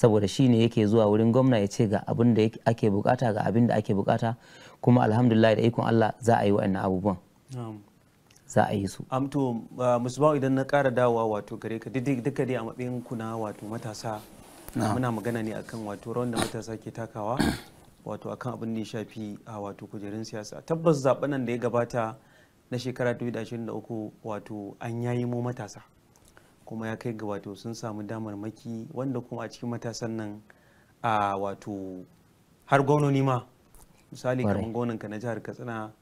saboda shi ne yake zuwa wurin gwamna ya ce ga abin da ake bukata ga abin da ake bukata kuma alhamdulillah da ikon Allah za a yi wa'annan abubuwan za a yi su amto musbahu idan na kara dawa wato gare ka duka dai a matsayin ku na wato matasa muna magana ne akan wato rawan da matasa ke takawa wato akan abin da ya shafi a wato kujerun siyasa tabbas zaben nan da ya gabata na shekara 2023 wato an yayi mu matasa kuma ya kai ga wato sun samu maki wanda kuma a cikin matasan nan a wato har gwamnoni ma misali kamar ka na jihar katsina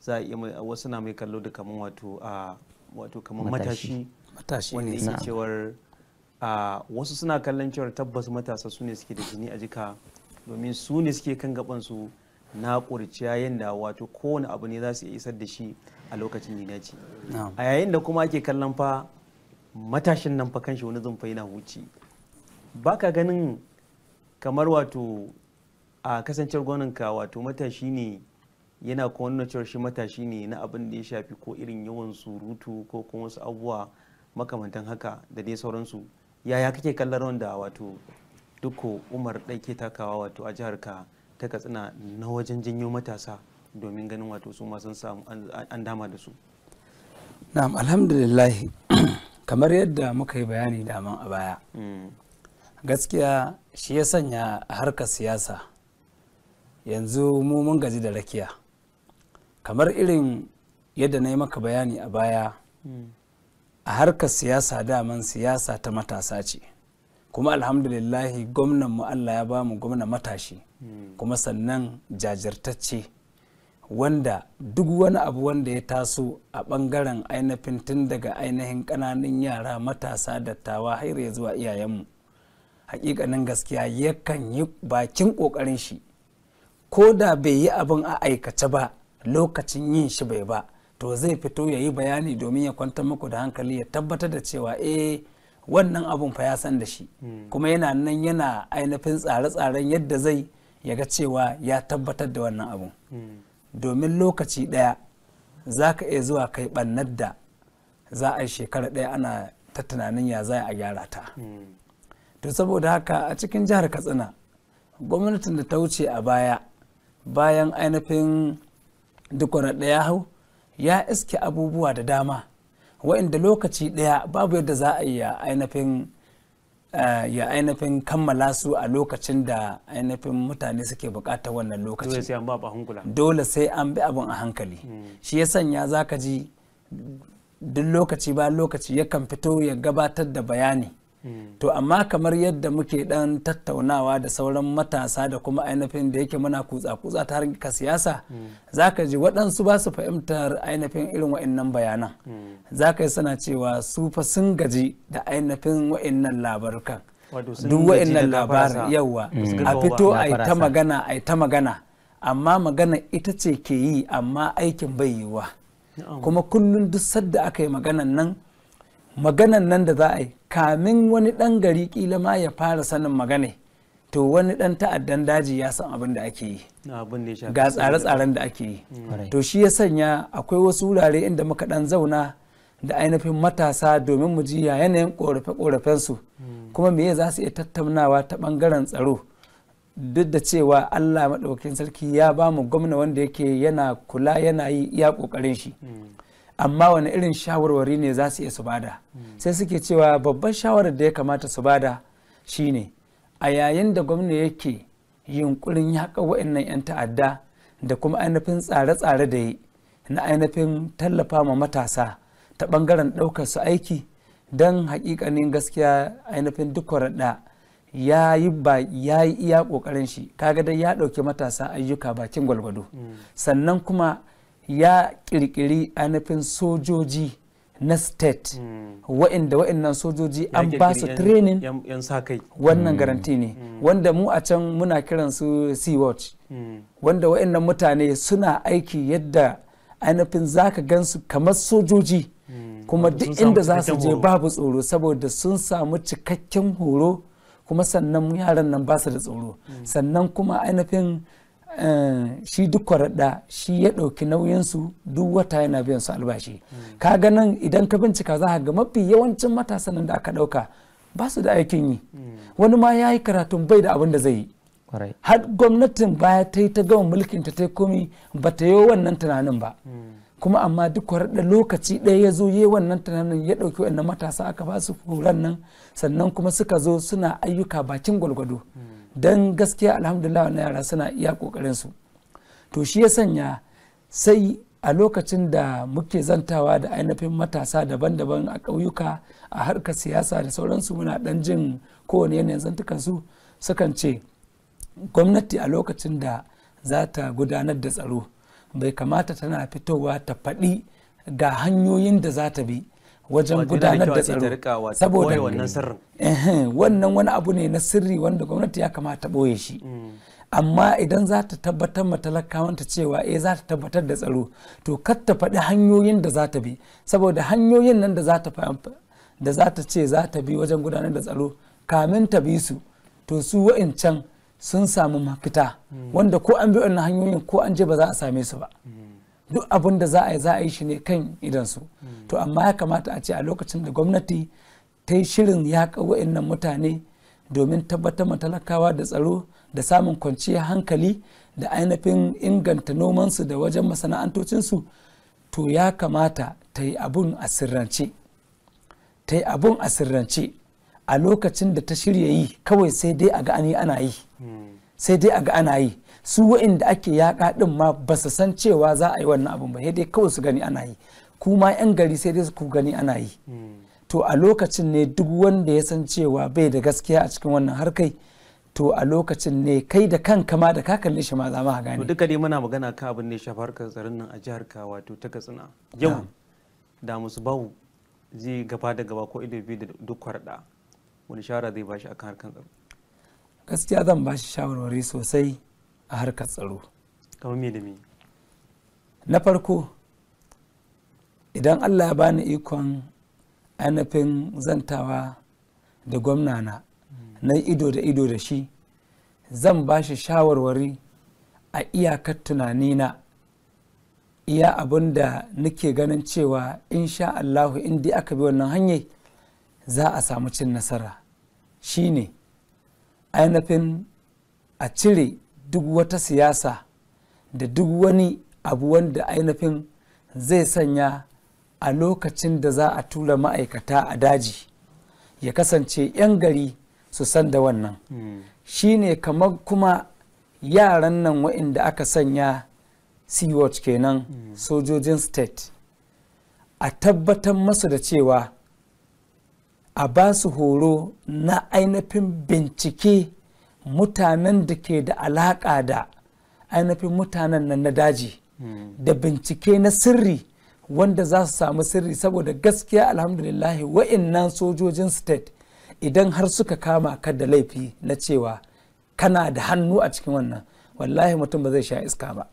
za a iya wasu na mai kallo da kamar wato a wato kamar matashi wanda yake cewar a wasu suna kallon cewar tabbas matasa su ne suke da jini a jika domin su ne suke kan gaban su na kurciya yadda wato kowane abu ne za su isar da shi a lokacin dinaci a yayin da kuma ake kallon fa matashin nan fa kanshi wani zumfa yana huci ba ka ganin kamar wato a kasancewar gwaninka wato matashi ne yana ko cewar shi matashi ne na abin da ya shafi ko irin yawan surutu ko kuma wasu abubuwa makamantan haka da dai sauransu yaya kake kallon wanda da wato duko umar ɗai takawa wato a jihar ka ta katsina na wajen janyo matasa domin ganin wato su sun samu an dama da su na'am alhamdulillah kamar yadda muka yi bayani daman a baya gaskiya shi ya sanya harkar siyasa yanzu mu mun gaji da rakiya kamar irin yadda na yi maka bayani a baya a harkar siyasa daman siyasa ta matasa ce kuma alhamdulillahi gwamnan mu Allah ya ba mu gwamna matashi kuma sannan jajirtacce wanda duk wani abu wanda ya taso a ɓangaren ainihin tun daga ainihin ƙananan yara matasa dattawa har ya zuwa iyayenmu hakikanin gaskiya yakan yi bakin ƙoƙarin shi ko da bai yi abin a aikace ba lokacin yin shi bai ba to zai fito ya yi bayani domin ya kwantar muku da hankali ya tabbatar da cewa eh wannan abun fa ya san da shi hmm. kuma yana nan yana ainihin tsare-tsaren yadda zai ya ga cewa ya tabbatar da wannan abun. Hmm. domin lokaci ɗaya za ka iya zuwa kai ɓannar da za a yi shekara ɗaya ana ta tunanin ya za a gyara ta hmm. to saboda haka a cikin jihar katsina gwamnatin da ta wuce a baya bayan ainihin dukwara ɗaya hau ya iske abubuwa da dama wa'inda lokaci ɗaya babu yadda za a yi ainihin Eh, ya ainihin kammala su a lokacin da ainihin mutane suke bukata wannan lokaci dole sai an bi abin a hankali hmm. shi ya sanya za ka ji duk lokaci ba lokaci yakan fito ya gabatar da bayani to amma kamar yadda muke dan tattaunawa da sauran matasa da kuma ainihin da yake muna kutsa-kutsa ta harkar siyasa za ka ji waɗansu ba su fahimtar ainihin irin wa'annan bayanan za ka yi sana cewa su fa sun gaji da ainihin wa'annan labarukan duk wa'annan labarin yawa a fito a ta magana a ta magana amma magana ita ce ke yi amma aikin bai yiwa kuma kullum duk sadda aka yi maganan nan maganan nan da za a yi kamin wani ɗan gari ƙila ma ya fara sanin magana to wani ɗan ta'addan daji ya san abin da ake yi ga tsare-tsaren da ake yi mm. to shi ya sanya akwai wasu wurare inda muka ɗan zauna da ainihin matasa domin mu ji yanayin ƙorafe-ƙorafensu mm. kuma me za su iya tattaunawa ta ɓangaren tsaro duk da cewa Allah maɗaukakin sarki ya ba mu gwamna wanda yake yana kula yana yi iya ƙoƙarin shi mm. amma wani irin shawarwari ne za su iya su bada sai suke cewa babban shawarar da ya kamata su bada shine a yayin da gwamna yake yunkurin yaƙa wa'annan 'yan ta'adda da kuma ainihin tsare-tsare da yi na ainihin tallafa ma matasa ta ɓangaren ɗaukar su aiki don haƙiƙanin gaskiya ainihin duk da ya yi iya ƙoƙarin shi kaga dai ya ɗauki matasa ayyuka bakin gwalgwado mm. sannan kuma ya kirkiri ainihin sojoji na state wa'inda wa'innan sojoji an ba su training wannan mm. garanti ne mm. wanda mu a can muna kiran su sea-watch mm. wanda wa'innan mutane suna aiki yadda ainihin gan su kamar sojoji kuma duk inda za su je babu tsoro saboda sun samu cikakken horo kuma sannan yaran nan ba su da tsoro sannan kuma ainihin Eh, shi duk kwaraɗa shi ya ɗauki nauyinsu duk wata yana biyan su albashi ka ganin idan ka bincika za ga mafi yawancin matasan da aka ɗauka ba su da aikin yi wani ma ya yi karatun bai da abin da zai yi har gwamnatin baya ta yi ta gama mulkin ta ta komi ba ta yi wannan tunanin ba kuma amma duk da lokaci ɗaya ya zo ya yi wannan tunanin ya ɗauki wannan matasa aka ba su horon nan sannan kuma suka zo suna ayyuka bakin gwalgwado don gaskiya alhamdulillah wannan yara suna iya kokarin su to shi ya sanya sai a lokacin da muke zantawa da ainihin matasa daban-daban a ƙauyuka a harkar siyasa da sauransu muna ɗan jin kowane yanayin zantukan su sukan ce gwamnati a lokacin da za ta gudanar da tsaro bai kamata tana fitowa ta faɗi ga hanyoyin da za ta bi wajen gudanar da tsaro saboda wannan wani abu ne na sirri wanda gwamnati ya kamata ɓoye shi amma idan za ta tabbatar ma talakawanta cewa eh za ta tabbatar da tsaro to kar ta faɗi hanyoyin da za ta bi saboda hanyoyin nan da za ta da za ta ce za ta bi wajen gudanar da tsaro kamin ta bi su to su wa'incan sun samu mafita hmm. wanda ko an bi wannan hanyoyin ko an je ba za a same su ba. Hmm. duk abin da za a yi za a yi shi ne kan idansu to amma ya kamata a ce a lokacin da gwamnati ta yi shirin yaƙa wa'annan mutane domin tabbatar ma talakawa da tsaro da samun kwanciyar hankali da ainihin inganta nomansu da wajen masana'antocinsu to ya kamata ta yi abun a sirrance ta yi abun a sirrance a lokacin da ta shirya yi kawai sai dai a ga ana yi hmm. sai dai a ga ana yi su wa'inda ake yaƙa ɗin ma ba su san cewa za a yi wannan abin ba dai kawai su gani ana yi kuma 'yan gari sai dai su gani ana yi to a lokacin ne duk wanda ya san cewa bai da gaskiya a cikin wannan harkai to a lokacin ne kai da kan kama da ka kalle shi ma za ma gane duka dai muna magana ka abin ne shafa shafi harkar tsarin nan a jihar ka wato ta katsina yau da musu bawu zai gaba da gaba ko ido duk kwarɗa wani shawara zai bashi akan harkar tsaro gaskiya zan bashi shawarwari sosai a harkar tsaro na farko idan allah ya bani ikon ainihin zantawa da gwamnana hmm. na ido da ido da shi zan ba shi shawarwari a iyakar tunani na iya abin da nake ganin cewa insha allahu indi aka bi wannan hanyar za a samu cin nasara shine ainihin a cire duk wata siyasa da duk wani abu wanda ainihin zai sanya a lokacin da za a tura ma'aikata a daji ya kasance 'yan gari su san da wannan shi hmm. shine kamar kuma yaran nan wa'inda aka sanya sea kenan hmm. sojojin state a tabbatar masu da cewa a ba su horo na ainihin bincike mutanen da ke da alaƙa da ainihin mutanen nan na daji da bincike na sirri wanda za su samu sirri saboda gaskiya alhamdulillahi wa'innan sojojin state idan har suka kama ka da laifi na cewa kana da hannu a cikin wannan wallahi mutum ba zai sha iska ba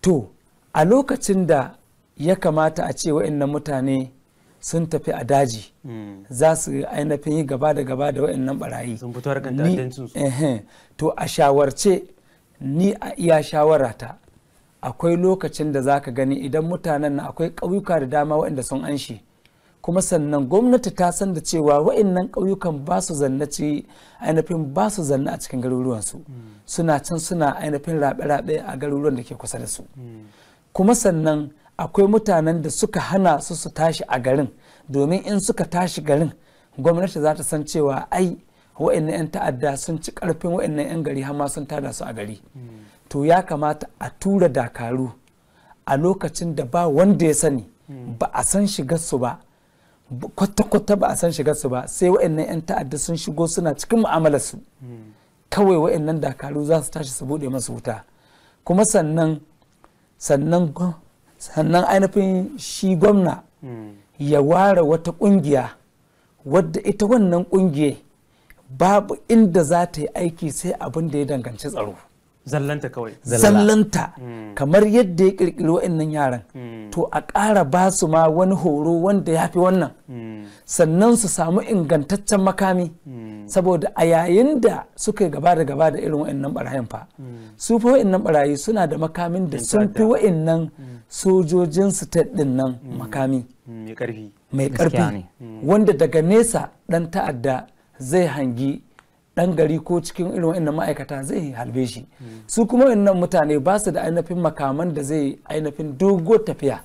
to a lokacin da ya kamata a ce wa'innan mutane sun tafi a daji za su ainihin yi gaba da gaba da waɗannan barayi sun fito harkar ta'addancin su to a shawarce ni a iya shawara ta. akwai lokacin da zaka gani idan mutanen na akwai ƙauyuka da dama waɗanda sun anshi kuma sannan gwamnati ta san da cewa waɗannan ƙauyukan ba su ci ainihin ba su zanna a cikin garuruwansu suna can suna ainihin raɓe-raɓe a garuruwan da ke kusa da su hmm. kuma sannan akwai mutanen da suka hana su su tashi a garin domin in suka tashi garin gwamnati za ta san cewa ai wa'annan 'yan ta'adda sun ci karfin wa'annan 'yan gari har sun tada su a gari hmm. to ya kamata a tura dakaru a lokacin da ba wanda ya sani hmm. ba a san shigar su ba kwata-kwata ba a san shigar su ba sai wa'annan 'yan ta'adda sun shigo suna cikin mu'amalar su hmm. kawai wa'annan dakaru za su tashi su bude masu wuta kuma sannan sannan sannan ainihin shi gwamna ya ware wata kungiya wadda ita wannan kungiya babu inda za ta yi aiki sai abin da ya danganci tsaro zallanta kawai zallanta mm. kamar yadda ya kirkiri wa'annan yaran mm. to a ƙara ba su ma wani horo wanda ya fi wannan mm. sannan su samu ingantaccen makami saboda a yayin da suka gaba da gaba da irin wa'annan barayin fa su fi wa'annan barayi suna da makamin da sun fi wa'annan sojojin su ta nan makami mai ƙarfi wanda daga nesa ɗan ta'adda zai hangi Ɗan gari ko cikin irin wa'annan ma'aikata zai halbe shi su kuma wa'annan mutane ba su da ainihin makaman da zai ainihin dogo tafiya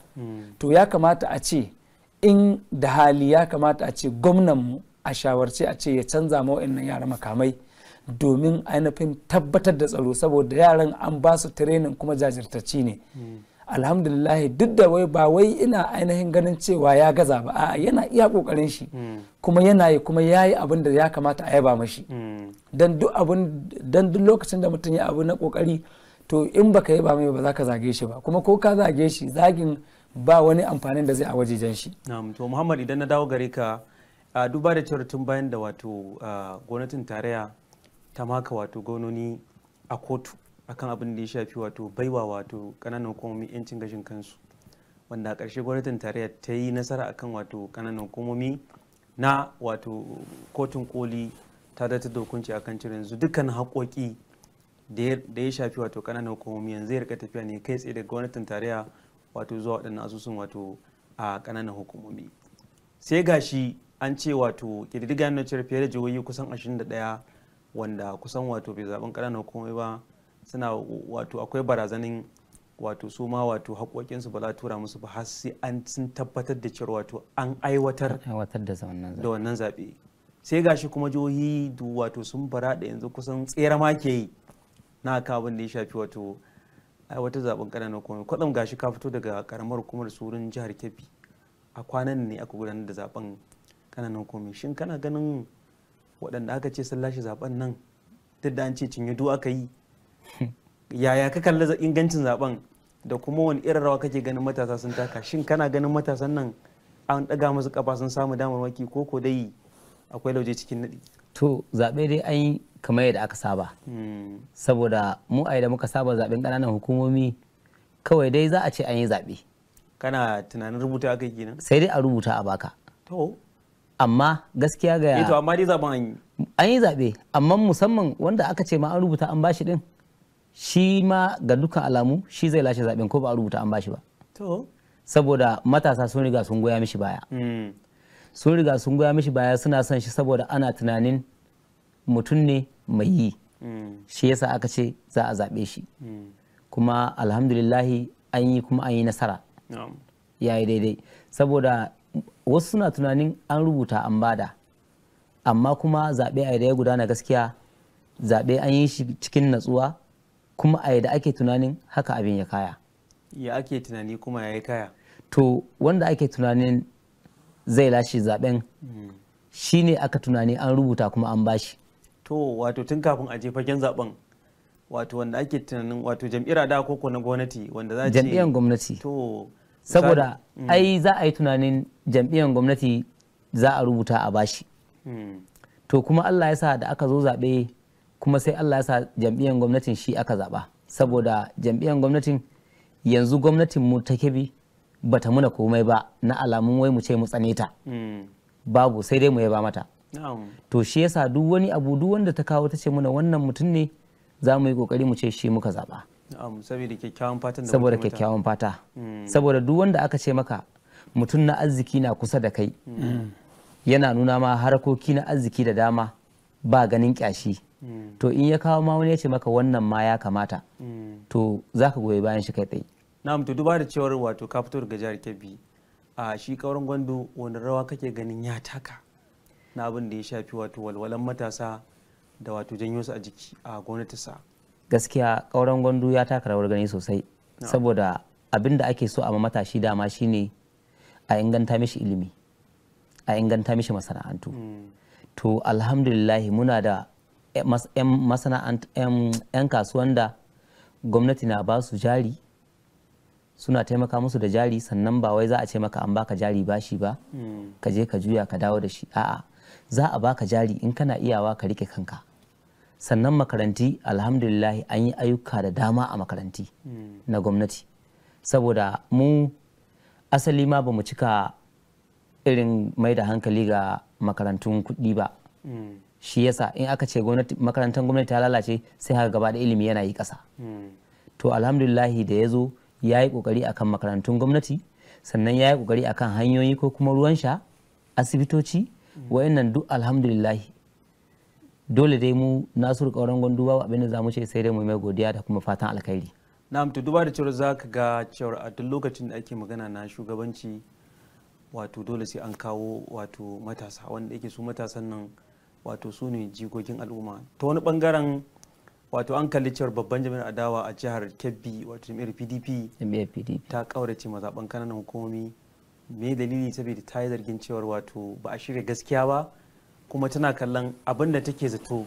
to ya kamata a ce in da hali ya kamata a ce gwamnanmu a shawarce a ce ya canza ma wa'annan yara makamai domin ainihin tabbatar da tsaro saboda yaran an ba su training kuma jajirtacci ne. alhamdulillah duk da wai ba wai ina ainihin ganin cewa ya gaza ba a'a yana iya kokarin shi hmm. kuma yana yi kuma ya yi abin da ya kamata a yaba mashi hmm. don duk abin don duk lokacin da mutum ya abu na kokari to in baka yaba mai ba za ka zage shi ba kuma ko ka zage shi zagin ba wani amfanin da zai a waje jan shi to muhammad idan na dawo gare ka duba da cewar tun bayan da wato gwamnatin tarayya ta maka wato gononi a kotu akan abin da ya shafi wato baiwa wato kananan hukumomi yancin gashin kansu wanda a ƙarshe gwamnatin tarayya ta yi nasara akan wato kananan hukumomi na wato kotun koli ta da da hukunci akan cire yanzu dukkan haƙoƙi da ya shafi wato kananan hukumomi yanzu ya rika tafiya ne kai tsaye daga gwamnatin tarayya wato zuwa waɗannan asusun wato a kananan hukumomi sai gashi an ce wato ƙididdiga na cire fiye da jihohi kusan 21 wanda kusan wato bai zaben kananan hukumomi ba suna wato akwai barazanin wato su ma wato haƙoƙinsu ba za a tura musu ba har sai an sun tabbatar da cewa wato an aiwatar da wannan zaɓe sai gashi kuma jihohi wato sun bara da yanzu kusan tsere ma ke yi na ka abin da ya shafi wato aiwatar zaɓen ƙananan hukumomi kwaɗam gashi ka fito daga ƙaramar hukumar surun jihar kebbi a kwanan ne aka gudanar da zaɓen ƙananan hukumomi shin kana ganin waɗanda aka ce sun lashe zaɓen nan duk da an ce cinye du aka yi yaya ka kalli ingancin zaben da kuma wani irin rawa kake ganin matasa sun taka shin kana ganin matasan nan an daga musu kafa sun samu damar waki ko ko dai akwai lauje cikin nadi to zaɓe dai an yi kamar yadda aka saba hmm. saboda mu a da muka saba zaɓen ƙananan hukumomi kawai dai za a ce an yi zaɓe kana tunanin rubuta aka kenan sai dai a rubuta a baka to amma gaskiya ga eh to amma dai zaben an yi an yi zaɓe amma musamman wanda aka ce ma an rubuta an bashi din shi ma ga duka alamu shi zai lashe zaben ko ba a rubuta an bashi ba to saboda matasa sun riga sun goya mishi baya hmm. sun riga sun goya mishi baya suna son shi saboda ana tunanin mutum ne mai yi hmm. shi yasa aka ce za a zaɓe shi hmm. kuma alhamdulillahi an yi kuma an yi nasara ya yi daidai saboda wasu suna tunanin an rubuta an bada amma kuma zaɓe a ya gudana gaskiya zaɓe an yi shi cikin natsuwa kuma a yadda ake tunanin haka abin ya kaya ya ake tunani kuma ya yi kaya to wanda ake tunanin zai lashe zaben hmm. shine aka tunani an rubuta kuma an bashi to wato tun kafin a je fagen zaben wato wanda ake tunanin wato jam'ira da koko na gwamnati wanda za jam'iyyar gwamnati to saboda ai hmm. za a yi tunanin jam'iyyar gwamnati za a rubuta a bashi hmm. to kuma Allah ya sa da aka zo zaɓe kuma sai Allah ya sa jam'iyyar gwamnatin shi aka zaɓa saboda jam'iyyar gwamnatin yanzu gwamnatin mu ta kebi ta muna komai ba na alamun wai mu ce mu tsane ta hmm. babu sai dai mu yaba mata to shi yasa duk wani abu duk wanda ta kawo ta ce muna wannan mutum ne za mu yi kokari mu ce shi muka zaɓa saboda kyakkyawan fata saboda kyakkyawan fata hmm. saboda duk wanda aka ce maka mutum na arziki na kusa da kai hmm. yana nuna ma harkoki na arziki da dama ba ganin kyashi Mm. to in ya kawo ma wani ya ce maka wannan ma ya kamata mm. to za ka goyi bayan shi kai tsaye na'am to duba da cewar wato ka fito daga jihar kebbi a shi kauran gwandu wani rawa kake ganin ya taka na abin da ya shafi wato walwalan matasa da wato janyo su a jiki a gwamnati sa gaskiya kauran gwandu ya taka rawar gani sosai saboda abin da ake so a matashi dama shine a inganta mishi ilimi a inganta mishi masana'antu mm. to alhamdulillahi muna da 'yan kasuwan da gwamnati na ba su jari suna taimaka musu da jari sannan ba wai za a ce maka an baka jari bashi ba hmm. ka je ka juya ka dawo da shi a'a za a baka jari in kana iyawa ka rike kanka sannan makaranti alhamdulillah an yi ayyuka da dama a makaranti hmm. na gwamnati saboda mu asali ma ba mu cika irin mai da hankali ga makarantun kuɗi ba hmm. shi yasa in aka ce makarantar gwamnati ta lalace sai haka gaba da ilimi yana yi kasa hmm. to alhamdulillahi da ya zo ya yi ƙoƙari akan makarantun gwamnati sannan ya yi ƙoƙari akan hanyoyi ko kuma ruwan sha asibitoci hmm. wa'annan duk alhamdulillahi dole dai mu nasu ƙauren gwandu babu abin da za mu ce sai dai mu mai godiya da kuma fatan alkhairi na'am to duba da cewar za ka ga cewar a duk lokacin da ake magana na shugabanci wato dole sai an kawo wato matasa wanda yake su matasan nan wato su ne jigogin al'umma ta wani bangaren wato an kalli cewar babban jami'ar adawa a jihar kebbi wato jami'ar pdp ta kaurace mazaɓan kananan hukumomi me dalili saboda ta yi zargin cewar wato ba a shirya gaskiya ba kuma tana kallon abin da take zato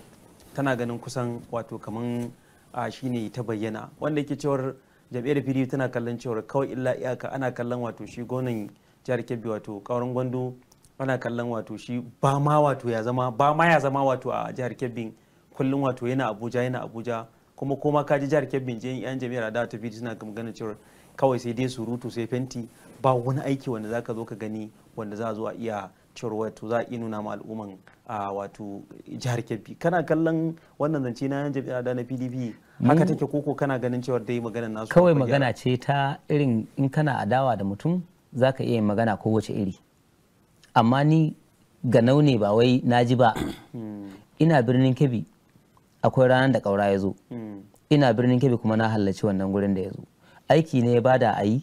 tana ganin kusan wato kaman a shine ta bayyana wanda yake cewar jam'iyyar pdp tana kallon cewar kawai illa iyaka ana kallon wato shi gonan jihar kebbi wato kauran gwando ana kallon wato shi ba ma wato ya zama ba ma ya zama wato a jihar Kebbi kullum wato yana Abuja yana Abuja kuma koma ka ji jihar Kebbi je yan jami'ar da ta suna magana cewa kawai sai dai surutu sai fenti ba wani aiki wanda zaka zo ka gani wanda za a zo a iya cewar wato za a nuna ma al'umman a wato jihar Kebbi kana kallon wannan zance na yan jami'ar da na PDP haka take koko kana ganin cewa dai maganar nasu kawai magana ce ta irin in kana adawa da mutum zaka iya magana kowace iri amma ni ga naune ba wai na ji ba hmm. ina birnin kebbi akwai ranar da kaura ya zo hmm. ina birnin kebi kuma na halarci wannan gurin da ya zo aiki ne ya bada a yi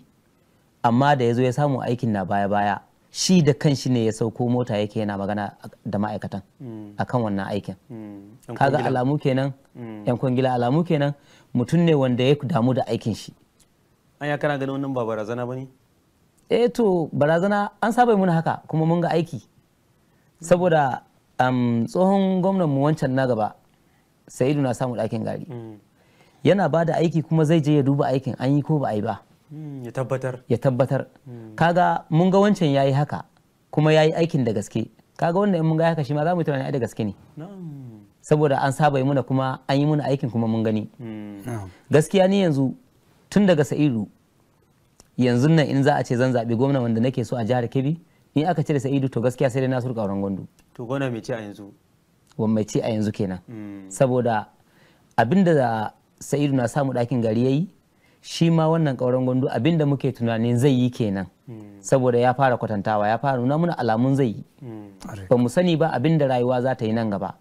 amma da ya zo ya samu aikin na baya-baya shi da kan shi ne ya sauko mota yake yana magana da ma'aikatan hmm. akan wannan aikin kaga alamu kenan yan kwangila alamu kenan mutum ne wanda ya damu da aikin shi an ya kana ganin wannan ba barazana ba ne E to barazana an saba mun haka kuma mun ga aiki saboda tsohon gwamnan mu wancan na gaba sa'idu na samu ɗakin gari hmm. yana ba da aiki kuma zai je ya duba aikin an yi ko ba a yi ba hmm, ya tabbatar ya tabbatar hmm. kaga mun ga wancan ya yi haka kuma ya yi aikin da gaske kaga wanda in mun ga haka shi ma za mu yi tunani da gaske ne saboda an saba mun muna kuma an yi muna aikin kuma mun gani gaskiya ni yanzu tun daga sa'idu yanzu nan in za a ce zan zaɓi gwamna wanda nake so a jihar kebbi ni aka cire sa'idu to gaskiya sai dai na surka auren gwandu to gwamna mai ci a yanzu wa mai ci a yanzu kenan mm. saboda abinda sa'idu na samu ɗakin gari ya yi shi ma wannan ƙauren gwandu abinda muke tunanin zai yi kenan mm. saboda ya fara kwatantawa ya fara nuna muna alamun zai yi mm. ba mu sani ba abinda rayuwa za ta yi nan gaba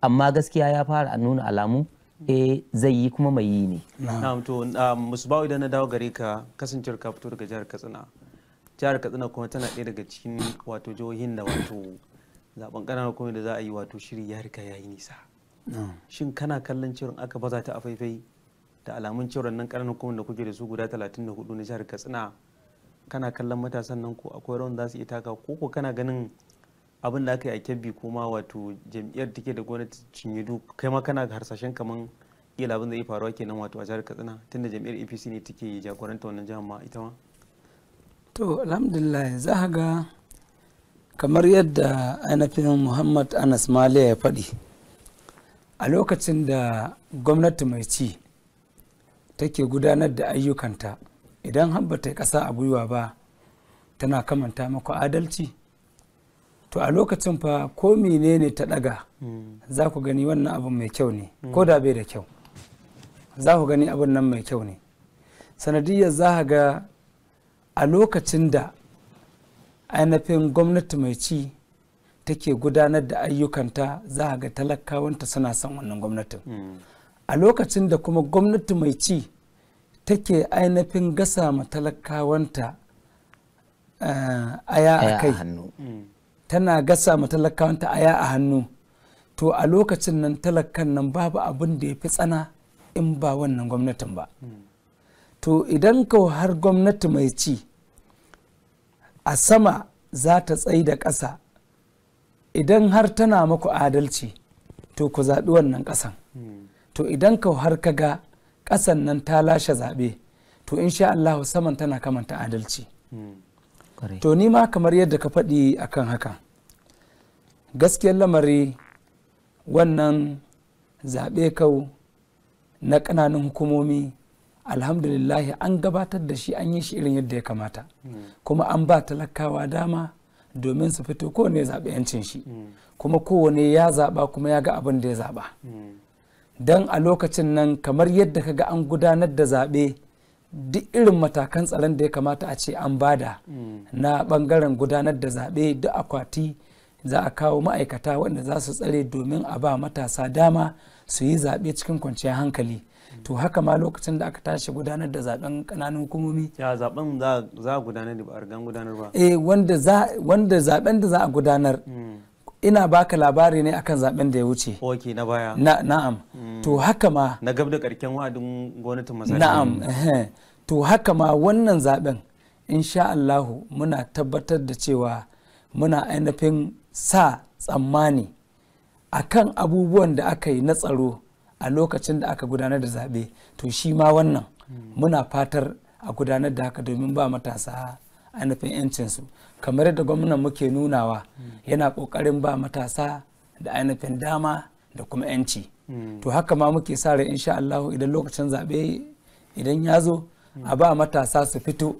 amma gaskiya ya fara nuna alamu E zai yi kuma mai yi ne na'am to musbawu idan na dawo gare ka kasancewar ka fito daga jihar Katsina jihar Katsina kuma tana ɗaya daga cikin wato jihohin da wato zaben ƙananan kuma da za a yi wato shiri ya riga ya yi nisa shin kana kallon cewar aka baza ta a faifai da alamun cewar nan ƙananan kuma da kuke da su guda 34 na jihar Katsina kana kallon matasan nan ko akwai rawan za su iya taka ko ko kana ganin abin da aka yi a kebbi kuma wato jam'iyyar take da gwamnati cinyedu kai ma kana harsashen kamar iya abin da ya faruwa kenan wato a jihar katsina tunda jam'iyyar apc ne take jagoranta wannan jihar ma ita ma to alhamdulillah za ka ga kamar yadda ainihin muhammad anas maliya ya faɗi a lokacin da gwamnati mai ci take gudanar da ayyukanta idan har bata yi ƙasa a gwiwa ba tana kamanta maka adalci to a lokacin fa ko menene ta daga za ku gani wannan abin mai kyau ne ko da bai da kyau za ku gani abin nan mai kyau ne Sanadiyya za ga a lokacin da ainihin gwamnati mai ci take gudanar da ayyukanta za ga talakawanta suna son wannan gwamnatin a lokacin da kuma gwamnati mai ci take ainihin gasa ma talakawanta eh, aya a kai tana gasa ma talakawanta aya a hannu to a lokacin nan talakan nan babu abin da ya fi tsana in ba wannan gwamnatin ba to idan ka har gwamnati mai ci a sama za ta tsaye da ƙasa idan har tana maku adalci to ku zaɓi wannan ƙasan to idan ka har ka ga ƙasan nan ta lashe zaɓe to insha Allah saman tana kamanta adalci to ni ma kamar yadda ka faɗi akan haka gaskiyar lamari wannan zaɓe kau na ƙananan hukumomi alhamdulillahi an gabatar da shi an yi shi irin yadda ya kamata hmm. kuma an ba talakawa dama domin su fito kowane zaɓe yancin shi hmm. kuma kowane ya zaɓa kuma ya ga abin da ya zaɓa hmm. don a lokacin nan kamar yadda ka ga an gudanar da zaɓe duk irin matakan tsaron da ya kamata a ce an bada mm. na bangaren gudanar da zaɓe da akwati za a kawo ma'aikata wanda za su tsare domin a ba matasa dama su yi zaɓe cikin kwanciyar hankali mm. to haka ma lokacin da aka tashi gudanar da zaben kananan hukumomi ya zaben za a gudanar da ba a gudanar ba eh wanda zaben da za a gudanar mm. ina baka labari ne akan zaben da ya wuce ok na baya na, na'am mm. to haka ma na gab da karken wa'adin gwamnatin masarauta na'am mm. to haka ma wannan zaben insha Allahu muna tabbatar da cewa muna ainihin sa tsammani akan abubuwan da aka yi na tsaro a lokacin da aka gudanar da zaɓe to shi ma wannan mm. muna fatar a gudanar da haka domin ba matasa ainihin 'yancinsu kamar yadda gwamnan muke nunawa yana kokarin ba matasa da ainihin dama da kuma 'yanci to haka ma muke sa rai insha Allah idan lokacin zaɓe idan ya zo a ba matasa su fito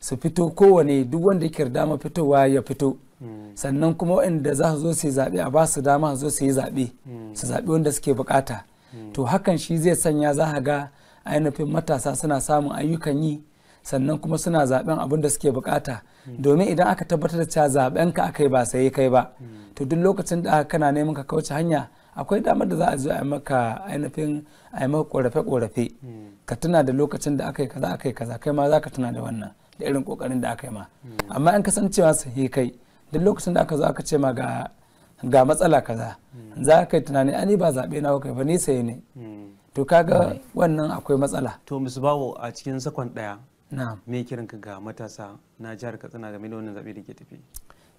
su fito kowane duk wanda yake dama fitowa ya fito sannan kuma waɗanda za su zo su zaɓe a ba su dama su zo su yi zaɓe su zaɓe wanda suke bukata to hakan shi zai sanya za ga ainihin matasa suna samun ayyukan yi sannan kuma suna zaben abin da suke bukata domin idan aka tabbatar da cewa zaben ka akai ba sai kai ba to duk lokacin da kana neman ka kauce hanya akwai damar da za a zo a maka ainihin a maka korafe korafe ka tuna da lokacin da aka yi kaza aka yi kaza kai ma zaka tuna da wannan da irin kokarin da aka yi ma amma in kasancewa sai kai duk lokacin da aka zo aka ce ma ga ga matsala kaza za ka yi tunani ani ba zaɓe na kai ba ni sai ne hmm. to kaga wannan akwai matsala to bawo a cikin sakon ɗaya me kiran ga matasa na jihar katsina game da wannan zaɓe da ke tafi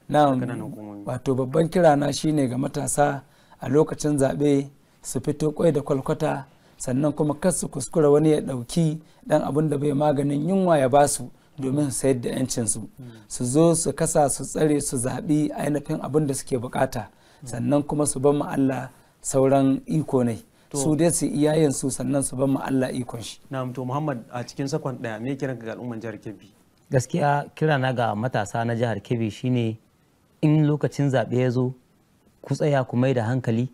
na'am wato babban kirana shine ga matasa a lokacin zaɓe su fito kwai da kwalkwata sannan kuma kar su kuskura wani ya ɗauki ɗan abin da bai maganin yunwa ya basu domin su sayar da 'yancinsu hmm. su zo su kasa su tsare su zaɓi ainihin abin da suke bukata sannan kuma su ban Allah sauran iko ne. su dai su iyayen su sannan su bamu ma Allah ikon shi Na to Muhammad a cikin sakon ɗaya. me kiran ga al'umman jihar Kebbi gaskiya kira na ga matasa na jihar Kebbi shine in lokacin zaɓe ya zo ku tsaya ku mai da hankali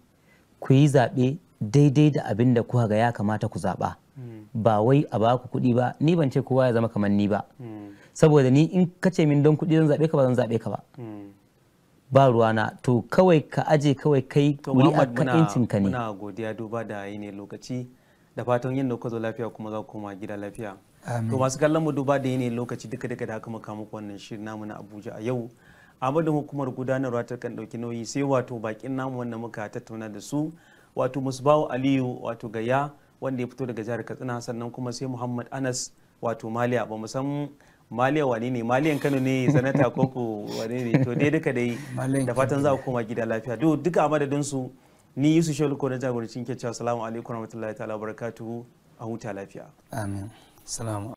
ku yi zaɓe daidai da abin da kuka ga ya kamata ku zaɓa hmm. ba wai a ba ku kuɗi ba ni ban ce kowa ya zama kamar ni ba hmm. saboda ni in ka ce min don kuɗi zan zaɓe ka ba zan zaɓe ka ba hmm. ba ruwana to kawai ka aje kawai kai wuri a incin ka ne muna godiya duba da yi ne lokaci da fatan yin da zo lafiya kuma za ku koma gida lafiya to masu kallon mu duba da yi ne lokaci duka duka da aka muka muku wannan shirin namu na Abuja a yau amadin hukumar gudanarwa ta kan dauki nauyi sai wato bakin namu wanda muka tattauna da su wato Musbawo aliyu wato gaya wanda ya fito daga jihar katsina sannan kuma sai muhammad anas wato maliya ba mu san maliya wane ne maliyan kano ne sanata koko wane ne to dai duka dai da fatan za ku koma gida lafiya duk duka a su ni yusuf shehu na jagorancin ke cewa salamu alaikum warahmatullahi ta'ala barakatuhu a huta lafiya amin salamu